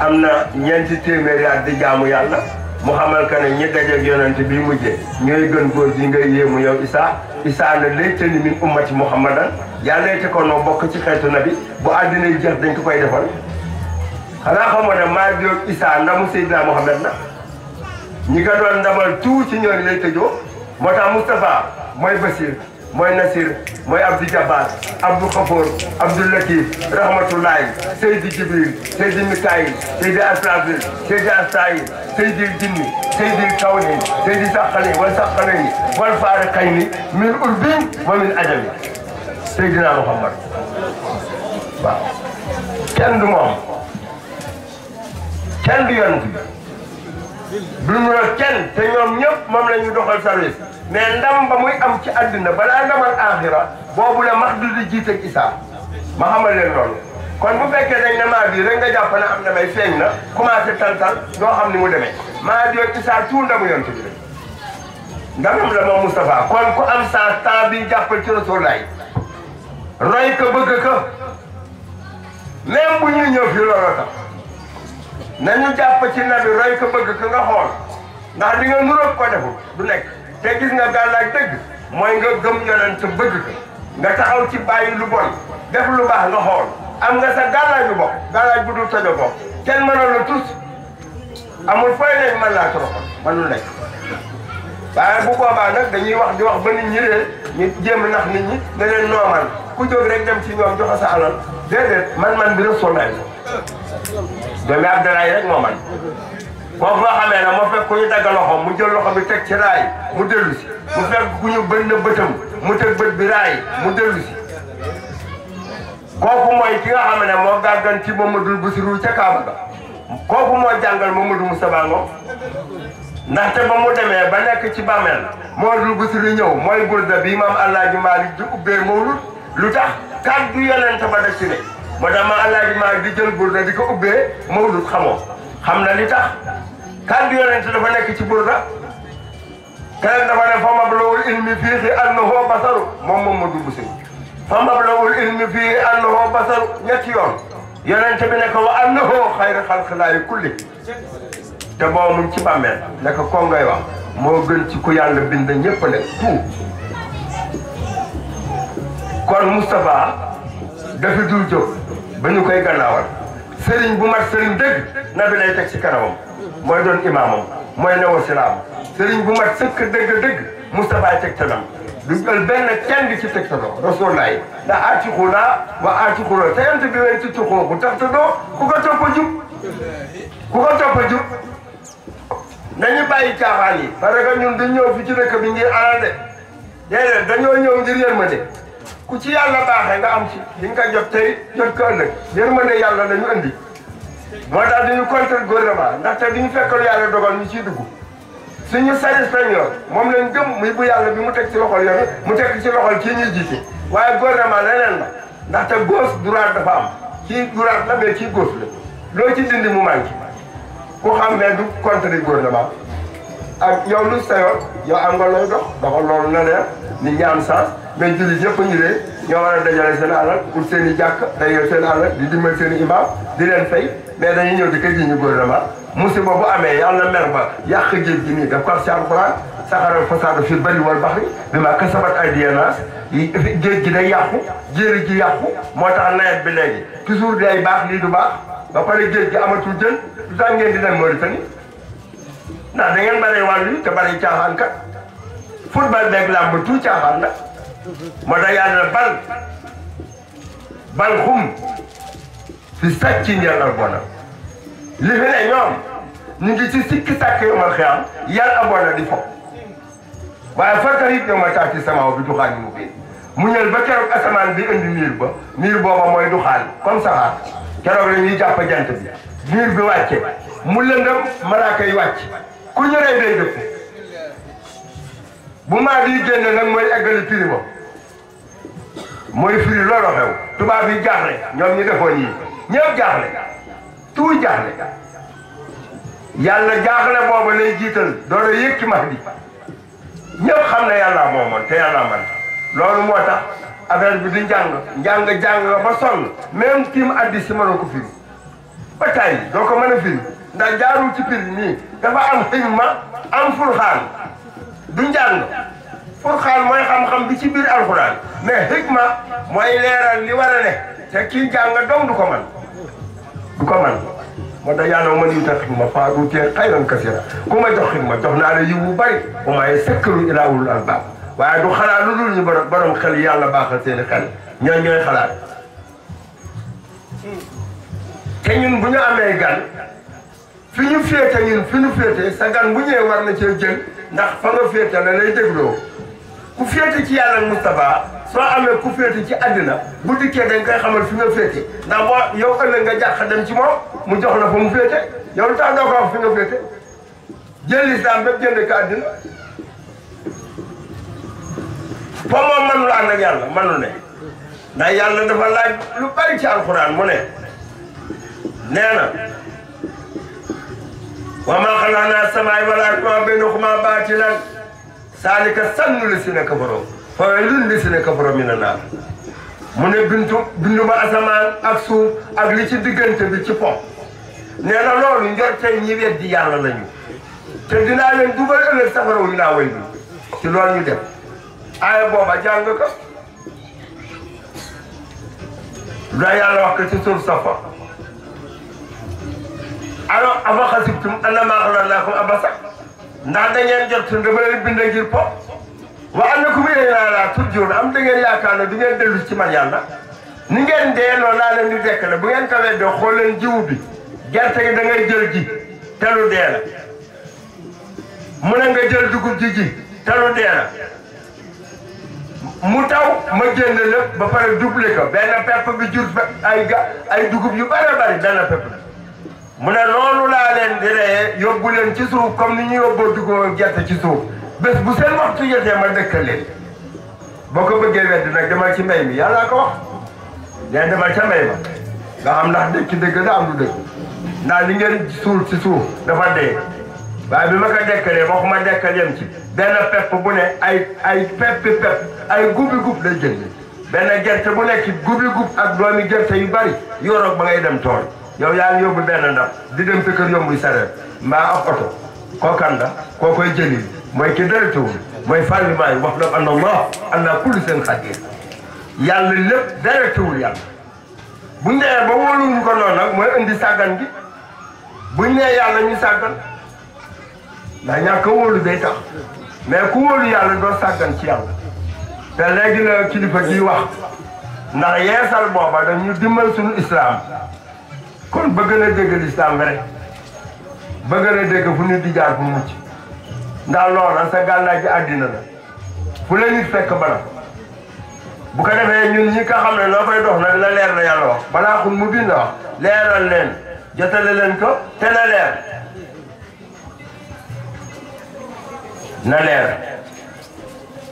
am na ñeenti téeméeri at di jaamu yàlla mu xamal que ñi dajeeg yonent bi mujjee ñooy gën góor yi ngay yéemu yow Isa Isa na laytani min ummati muhammadan yàlla te ko noo bokk ci xeetu na bi bu àddina yi jeex dañ ko koy defal xanaa xamoo ne maa jóg Isa ndamu Seydina Muhammad la ñi nga doon ndamal ci ñooñu lay tëjoo moo tax Moustapha mooy Basir mooy Nasir moy Abdou Jabbar Abdou Khafour Abdou Latif rahmatoullahi Seydi Jibril Seydi Mikaïl Seydi Asrafil Seydi Asaïl Seydi Jinni Seydi Kawni Seydi Sakhali wal Sakhalini wal Faariqayni min urbin wa min ajabi Seydina Muhammad waaw kenn du kenn du du ñu la kenn te ñoom ñëpp moom la ñu doxal service mais ndam ba muy am ci àddina balaa ndamal aaxira boobu la max du di jiiteeg Isaa ma xamal leen loolu. kon bu fekkee dañ ne maa bii rek nga jàpp ne am na may feeñ na commencé tantal doo xam ni mu demee maa bii ak Isaa tuur ndamu yonent bi rek ndamam la moom Moustapha kon ku am sa temps bi jàppal ci Rasulullaay roy ko bëgg ko même bu ñuy ñëw fii looloo nañu jàpp ci nabi roy ko bëgg ko nga xool ndax di nga nuróog ko defu du nekk te gis nga gàllaaj dëgg mooy nga gëm yonent bëgg ko nga taxaw ci bàyyi lu bon def lu baax nga xool am nga sa gàllaaj bu bopp gàllaaj bu dul tojo bopp kenn mënoon la tus amul fooy lañ mën laa trop mënul nekk waaye bu boobaa nag dañuy wax di wax ba nit ñi ree ñu jéem nax nit ñi ne leen noomal ku jóg rek dem ci ñoom joxe sa alal déedéet man man bi rek soo dégg nga Abdoulaye rek moo man kooku nga xamee ne moo fekk ku ñu dagg loxo mu jël loxo bi teg ci raay mu dellu si mu fekk ku ñu bënn na bëtam mu teg bët bi raay mu dellu si kooku mooy ki nga xam ne moo gàggan ci Mamadou Bassirou ca Kaaba ga kooku moo jàngal Mamadou Moustapha Ngom ndaxte ba mu demee ba nekk ci bàmmeel Mamadou Bassirou ñëw mooy burda bi maam Alaaji Maalik di ubbee mawlud lu tax kàddu yonent ba da ne moo tax ma maa di jël burda di ko ubbee mawlud xamoo xam na li tax kan di yonente dafa nekk ci burda keneen dafa ne fa mablawul ilmi fiihi annahu basaru moom moom ma dugg si fa mablawul ilmi fiihi annahu basaru ñetti yoon yonente bi ne ko wa annahu xayru xalqilaahi kulli te boo mun ci bàmmeel nekk ko koo moo gën ci ku yàlla bind ñëpp ne tout kon Moustapha dafa dul jóg ba ñu koy gannaawal sëriñ bu mat sëriñ dëgg nabi lay teg ci kanamam mooy doon imaamam mooy newo silaam sëriñ bu mat sëkk dëgg dëgg Moustapha teg tanam du jël benn kenn di ci teg tanoo rasulullah ndax aatiku naa wa aatiku naa te yant bi wen ci tuxoo ku tax tanoo ku ko topp a jub ku ko topp a jub nañu bàyyi caaxaan yi parce que ñun du ñëw fi ci dëkk bi ngir alal de déedéet dañoo ñëw ngir ku ci yàlla baaxee nga am ci li nga ko jot tey jot ko ëllëg yërmande yàlla la ñu andi moo tax duñu contre gouvernement ndaxte ñu fekkal yàlla dogal ñu ciy dugg suñu service première moom lañ gëm muy bu yàlla bi mu teg ci loxol yoon mu teg ci loxol kii ñuy jiite waaye gouvernement leneen la ndaxte gauche droite dafa am kii droite la mais kii gauche la loo ci dindi mu manqué ku xam ne du contre gouvernement ak yow lu sayoon yow am nga looy dox doxal loolu na leer nit ñi mais jullit yëpp ñu ne ñoo dajale seen alal pour seen i jàkk dajale seen alal di dimbali seen i imaam di leen fay mais dañuy ñëw di ko ji ñu gouvernement musiba bu amee yàlla mer ba yàq géej gi nii daf ko ci alquran saxaral fasaadu fil barri wal bahri bimaa kasabat aydiyan naas géej gi day yàqu jéeri ji yàqu moo tax nawet bi léegi toujours day baax lii du baax ba pare géej gi amatul jën du tax ngeen di dem Mauritanie ndax da ngeen baree wàllu te bari caaxaan kat football beeg làmb tout caaxaan la moo tax yàlla bal bal xum si sàcci njël ak bona li ñoom ñu ngi ci sikki sàkk yu ma xiyam yàlla ak bona di fo waaye farka it ñoo ma tax samaaw bi duxaan mu bi mu ñël ba keroog asamaan bi indi niir ba niir booba mooy duxaan comme saxaar keroog la ñuy jàpp jant bi niir bi wàcce mu lëndëm malaaka yi wàcc ku ñu rey day dëpp bu maa di génn nag mooy eggali tiri ba mooy firi loolu xew tubaab yi jaaxle ñoom ñu defoon yii ñëpp jaaxle tout jaaxle yàlla jaaxle boobu lay jiital door a yëg ci Mahdi ñëpp xam ne yàlla moomoon te yàlla man loolu moo tax affaire bi di njàng njàng jàng nga ba sonn même tiim addis firi ba tey doo ko mën a firi ndax jaarul ci firi nii dafa am xigma am furxaan du njàng furqaan mooy xam-xam bi ci biir alxuraan mais hikma mooy leeral li war a ne te kii jàng dong du ko man du ko man moo tax yàlla ma nuyu tax ma faa du tee xayran kasira ku jox xikma jox naa la yiw bu bari bu may sëkkalu ilaa albaab waaye du xalaat lu dul ñu borom borom xel yàlla baax seeni xel ñooñ ñooy xalaat te ñun bu ñu amee gan fi ñu féete ñun sa gan bu ñëwee war na cee jël ndax fa nga féete la lay dégloo ku féete ci yàlla Moustapha soo amee ku féete ci àddina bu dikkee dañ koy xamal fi nga féete ndax boo yow ëllëg nga jàq dem ci moom mu jox na fa mu féete yow lu tax doo ko wax fi nga féete jël lislaam bépp jënd ko àddina foo moom mënul ànd ak yàlla mënul ne ndax yàlla dafa laaj lu ci alxuraan mu ne na wa maa xalaqnaa samaa'i wal arda wa maa saalika sannu li si ne kafaroo fawaylun li si ne kafaroo mi na naar mu ne bintu binduma asamaan ak suuf ak li ci diggante li ci po nee na loolu njortey ñi weddi yàlla lañu te dinaa leen dugal ëllëg safara wu ñu naa bi ci loolu ñu def aaya booba jàng ko la yàlla wax ko ci suuf safa alors afa xasibtum annamaa xalaqnaakum abasa ndax da ngeen jot dama leen bind ngir po wa annakum ilaynaa laa turja'uun am da ngeen yaakaar ne du ngeen dellu ci man yàlla ni ngeen dee noonu laa leen di dekkale bu ngeen ko weddoo xool leen jiwu bi gerte gi da jël ji te lu dee la mu ne nga jël dugub ji ji te lu dee la mu taw ma jënd lépp ba pare doublé ko benn pepp bi jur ay ga ay dugub yu bare bari benn pepp mu ne loolu laa leen di ree leen ci suuf comme ni ñu yóbboo dugoo gerte ci suuf bu bu seen waxtu jotee ma dëkkal leen boo ko bëggee wedd nag demal ci mbay mi yàllaa ko wax leen demal ca mbay ma nga xam ndax dëkk dëgg la am du dëgg ndax li ngeen suul ci suuf dafa dee waaye bi ma ko dekkalee waxuma yem ci benn pepp bu ne ay ay peppi pepp ay gub lay jënd benn gerte bu nekk gubi gub ak doomi gerte yu bari yoroog ba ngay dem tool yow yaa ngi yóbbu benn ndax di dem sa kër yombuy sareet mbaa ab oto kookan la koo koy jëlil mooy ki dërëtewul mooy fàllimaa yi wax la anna allah anna kulli seen xadir yàlla lépp dërëtewul yàlla buñ nee ba wóoluñu ko noonu nag mooy indi sàggan gi buñ nee yàlla ñu sàggan ndax ñàkk a wóolu day tax mais ku wóolu yàlla doo sàggan ci yàlla te léegi la kilifa gi wax ndax yeesal booba dañu dimbal suñu islam kon bëgg na dégg lislaam bi rek bëgg na dégg fu nit di jaar fu mucc ndax loola sa gàllaay ji àddina la fu la nit fekk bala bu ka defee ñun ñi nga xam ne loo fay dox na la leer na yàlla wax balaa xul mu bind wax leeral leen jotale leen ko te na leer na leer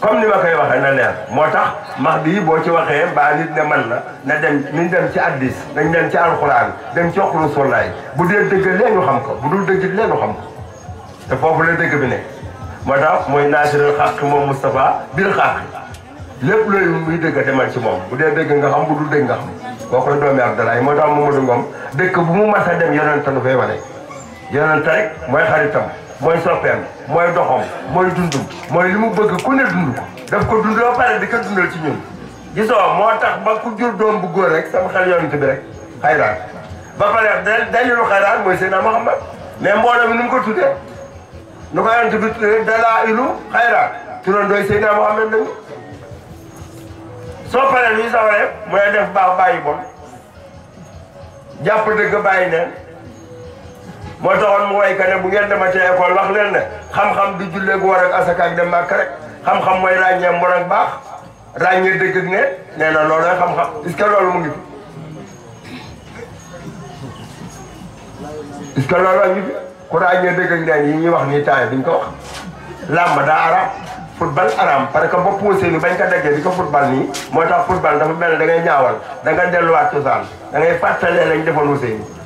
comme ni ma koy waxee na leer moo tax max bii boo ci waxee baa nit ne man la na dem ñu dem ci addis dañ dem ci alxuraan dem ci oxru solaay bu dee dëgg lee xam ko bu dul dëgg lee ñu xam ko te foofu la dëgg bi ne moo tax mooy naasiral xaq moom Moustapha biir xaq lépp looy muy dëgg demal ci moom bu dee dëgg nga xam bu dul dëgg nga xam boo koy doomi Abdoulaye moo tax Mamadou Ngom dëkk bu mu mas dem yonente lu fay wane yonente rek mooy xaritam mooy mooy doxam mooy dundum mooy li mu bëgg ku ne dund ko daf ko dund ba pare di ko dundal ci ñun gisoo moo tax ba ku jur doom bu góor rek sama xel yonent bi rek xayraan ba pare dalilu xayraan mooy Seydina Muhammad mais mbooloo mi nu mu ko tuddee nu ko yonent bi tuddee dalailu xayraan turandooy Seydina Muhammad lañu soo paree lu ñu sawaree mu def baax bàyyi bon jàpp dëgg bàyyi neen moo taxoon mu way ka ne bu ngeen dematee école wax leen ne xam-xam di jullee gu war ak asaka ak dem màkk rek xam-xam mooy ràññee mbon ak baax ràññee dëgg ak ne nee na loolu xam-xam est-ce que loolu mu ngi fi ak ngi fi ku ràññee dëgg ak neen yi ñuy wax nii taay duñ ko wax làmb daa araam football araam parce que ba poussé ni bañ ko daggee di ko football nii moo tax football dafa mel da ngay ñaawal da nga delluwaat cosaan da ngay fàttalee lañ defoon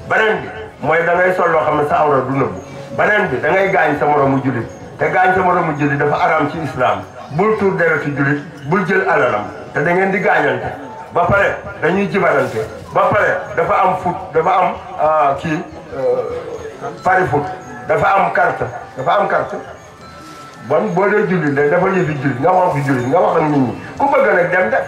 ba beneen bi mooy da ngay sol loo xam ne sa awra du nëbbu beneen bi da ngay gaañ sa moromu jullit te gaañ sa moromu jullit dafa araam ci islam bul tuur deretu jullit bul jël alalam te da ngeen di gaañante ba pare dañuy jibarante ba pare dafa am foot dafa am ah, kii euh, pari foot dafa am kart dafa am carte bon boo dee jullit de dafa yëfi jullit nga wax fi jullit nga wax ak nit ñi ku bëgg nag dem def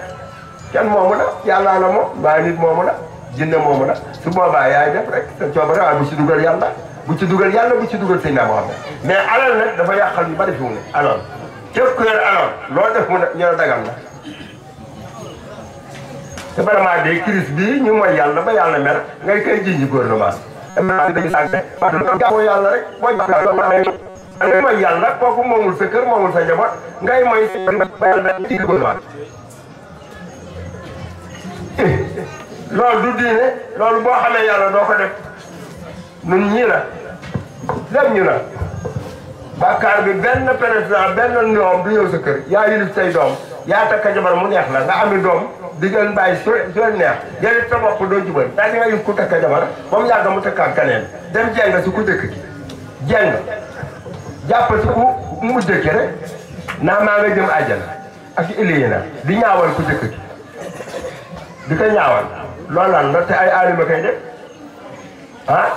kenn moomu la yàllaa la moom waaye nit moomu la jinne moomu nag su boobaa yaay def rek sa coobare waaye bu ci dugal yàlla bu ci dugal yàlla bu ci dugal sëñ naa Muhammad mais alal nag dafa yàqal yu bari fi mu ne alal képp ku yor alal loo def mu ne ñu ne dagal na te vraiment de crise bii ñu mooy yàlla ba yàlla mer ngay koy jiñ gouvernement moo yàlla rek boo mooy yàlla kooku moomul sa kër moomul sa njaboot ngay mooy ba yàlla gouvernement eh, loolu du diine loolu boo xamee yàlla doo ko def ñun ñii la lépp ñu la bàkkaar bi benn président benn ñoom du ñëw sa kër yaa yilif say doom yaa takka jabar mu neex la nga ami doom di ngeen bàyyi su leen neex jëlee sa bopp doo jubal daa di nga yus ku takka jabar ba mu yàgg mu takkaat keneen dem jeng su ku dëkk ki jeng jàpp si ku mu dëkk rek naa maa nga jëm a ak iliyina di ñaawal ku dëkk ki di ko ñaawal loolu lan la te ay aalima kay def ah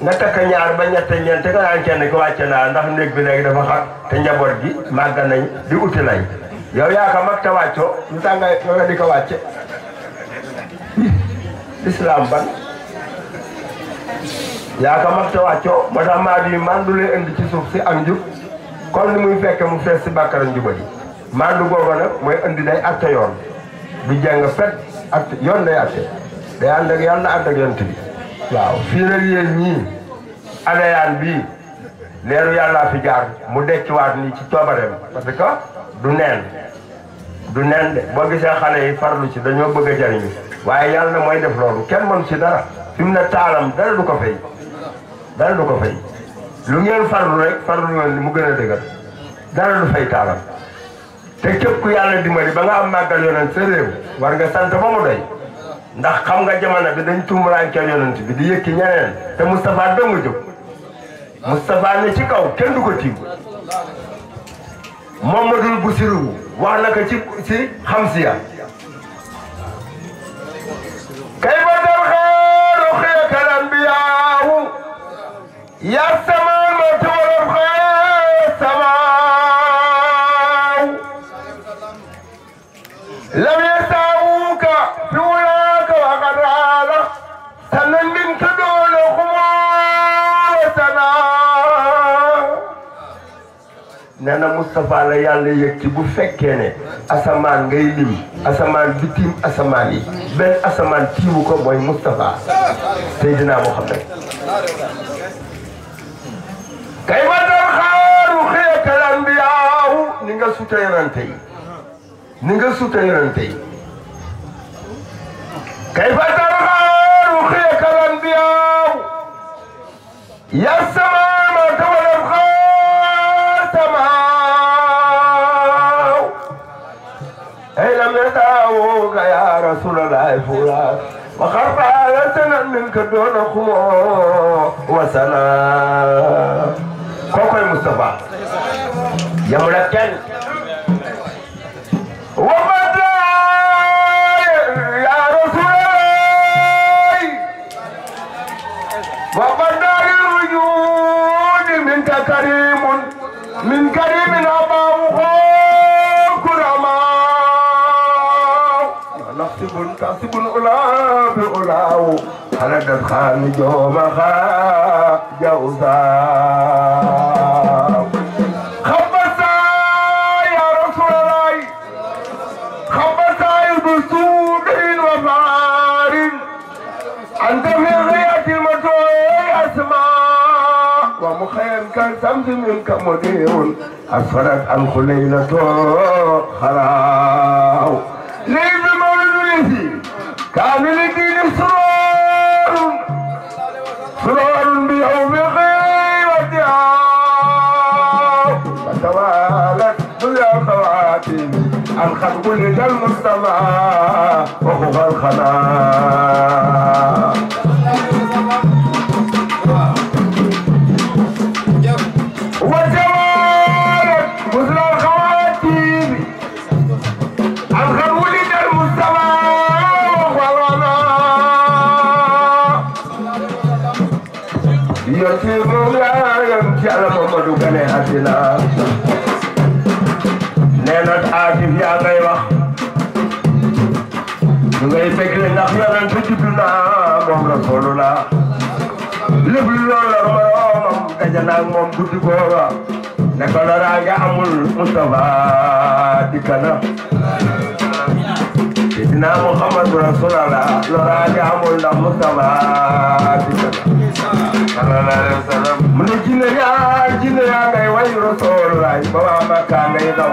nga takk ñaar ba ñett ñeent nga naan kenn ko wàcce naa ndax néeg bi léegi dafa xam te njaboot gi màgg nañ di uti lay yow yaa ko mag te wàccoo di ko wàcce islam ban yaa ko mag te moo tax maadu yi mandu lay indi ci suuf si am njub comme ni muy fekke mu fees si bàkkara njuba yi mandu googu nag mooy indi day atte yoon du jàng fet atte yoon day atte day ànd ak yàlla ànd ak bi waaw fii nag yéen ñii adayaan bii leeru yàllaa fi jaar mu dekkiwaat ni ci toobareem parce que du neen du neen de boo gisee xale yi farlu ci dañoo bëgg a jariñu waaye yàlla mooy def loolu kenn mënu ci dara fi mu ne taalam dara du ko fay dara du ko fay lu ngeen farlu rek farlu ngeen mu gën a dëgër dara du fay taalam te képp ku yàlla dimbali ba nga am màggal yonent sa réew war nga sant ba mu ndax xam nga jamono bi dañ tumuraankeel yonent bi di yëkki ñeneen te Moustapha dong nga jóg ci kaw kenn du ko tiim du Busiru wax na ci xam si ya kay ba dal xaaru xeekal ambiyaawu yar samaan ma tuwarab xaar samaan Moustapha la yàlla yëg ci bu fekkee ne asamaan ngay lim asamaan bi tiim asamaan asamaan tiimu ko mooy Seydina Muhammad kay ma doon xaaru ni nga suta yonante yi ni nga suta لا فورا وخرب عادتنا منك دون خمو وسلام كوكوي مصطفى يا مركن وبدا يا رسول الله وبدا الوجود منك كريم جو حلقت خان جو مخا جوزا تمضي منك مدير أسفرت عن خليلة خراو ليس مولد ليسي كامل الدين بسرعة قد ولد المصطفى وهو الخلاق ak moom guddi googa ne ko loraange amul Mustafa dikka na Seydina Muhammadu Rasulallah loraange amul ndax Mustafa dikka na mu ne jinne yaa jinne yaa ngay wayu Rasulullah ba waa Makka ngay daw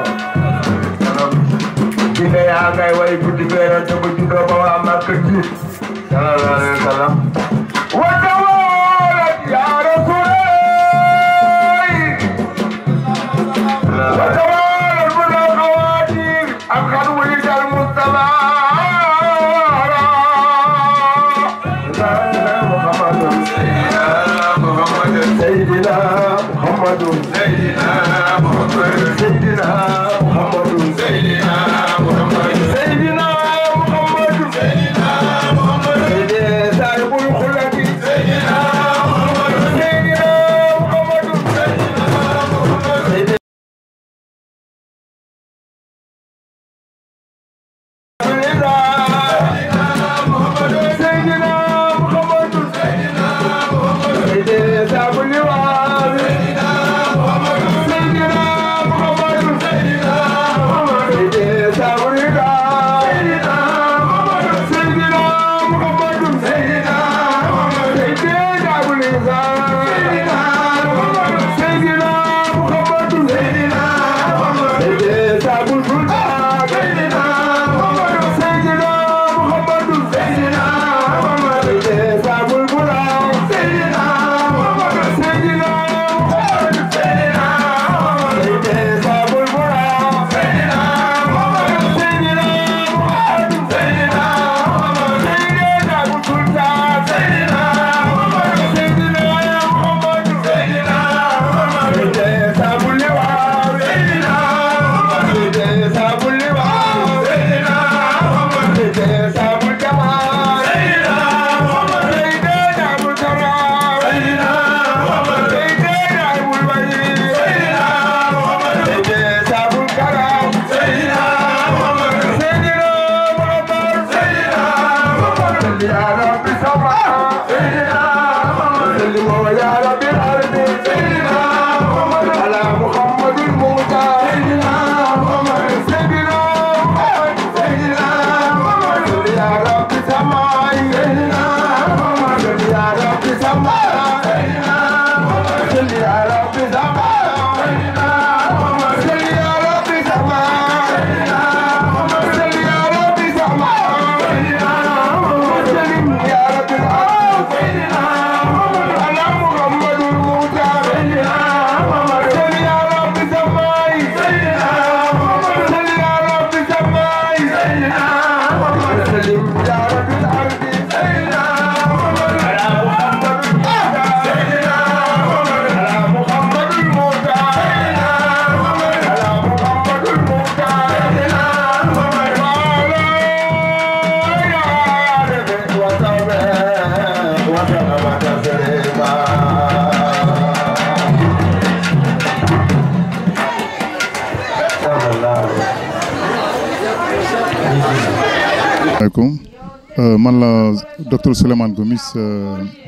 jinne yaa ngay way guddi gërëm te bu juddoo ba waa Makka ji sallallahu alayhi wa sallam محمد سيدنا محمد سيدنا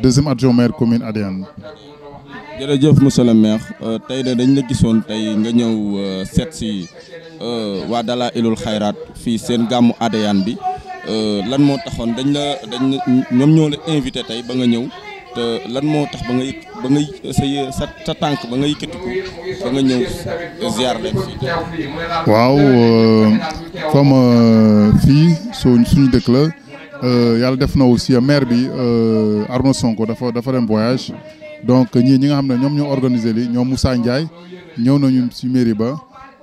deuxième adjoint maire commune Adéane. jërëjëf monsieur euh, tey de dañ la gisoon tey nga ñëw euh, seet si euh, waa Dala Ilul Xayraat fii seen gàmmu Adéane bi lan moo taxoon dañ la dañ ñoom ñoo la invité tey ba nga ñëw te lan moo tax ba nga ba ngay sa tànk ba nga yëkkatiku ba nga ñëw ziar fii. waaw comme fii soo suñu dëkk la. Il y a aussi euh, maire bi euh, Arnaud Sonko a un voyage donc nous avons organisé, nous, Moussa Ndiaye nous nous ci mairie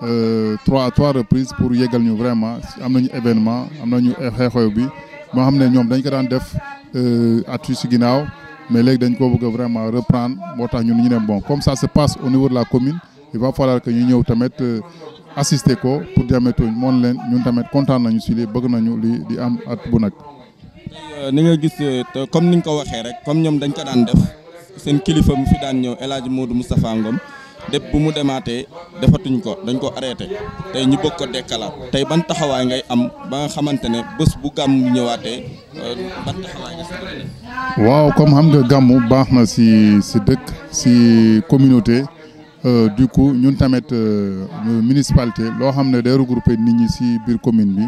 euh, trois reprises pour y ñu vraiment avons événement avons fait un bi mais nous dañ vraiment reprendre nous comme ça se passe au niveau de la commune il va falloir que nous mettions assister pour nous. nous nous de nous Euh, ni nga gis euh, comme niñ ko waxee rek comme ñoom dañ ko daan def seen kilifa mu fi daan ñëw El Hadj Modou Moustapha Ngom dépp bu mu demaatee defatuñ ko dañ ko arrêté tey ñu bëgg ko dekkalaat tey ban taxawaay ngay am ba nga xamante ne bés bu gàmm ñëwaatee euh, ban taxawaay nga waaw comme xam nga gàmmu baax na si si dëkk si communauté du coup ñun tamit municipalité loo xam ne day regroupé nit ñi si biir commune bi.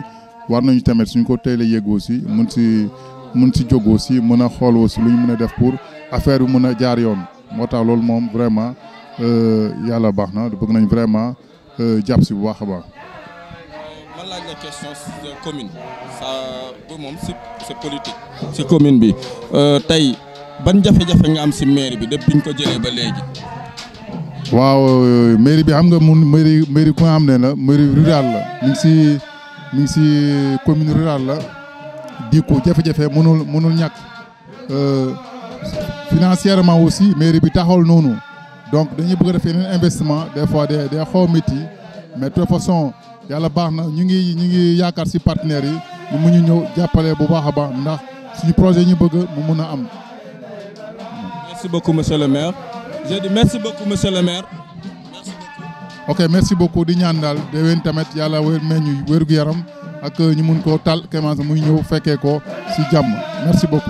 war nañu tamit suñ ko teel a yëg aussi mun si mun si jóg aussi mën a xool si lu ñu mën a def pour affaire bi mën a jaar yoon moo tax loolu moom vraiment euh, yàlla baax na bëgg nañu vraiment euh, jàpp si bu baax baax. man laaj la question commune ça bu moom si c'est si commune bi euh, tey ban jafe-jafe nga am si mairie bi depuis ñu ko jëlee ba léegi. waaw mairie bi xam nga mun mairie mairie ku nga xam ne la mairie rurale la ñu si. mi si commune rurale la di ko jafe-jafe mënul mënul euh, financièrement aussi mairie bi non non. donc nous bëgg a faire un investissement des fois des des xaw métti mais de toute façon yàlla baax na ñu ngi ñu ngi yaakaar si partenaires yi ñu mun ñu ñëw jàppale bu baax a baax ndax suñu projet ñu bëgg mu nous am. merci beaucoup monsieur le maire. je dis merci beaucoup monsieur le maire. ok merci beaucoup di ñaan daal déwén tamit yàlla wér meññu wérgu yaram ak euh, ñu mun koo tal kéemaansa muy ñëw fekkee ko si jàmm merci beaucoup.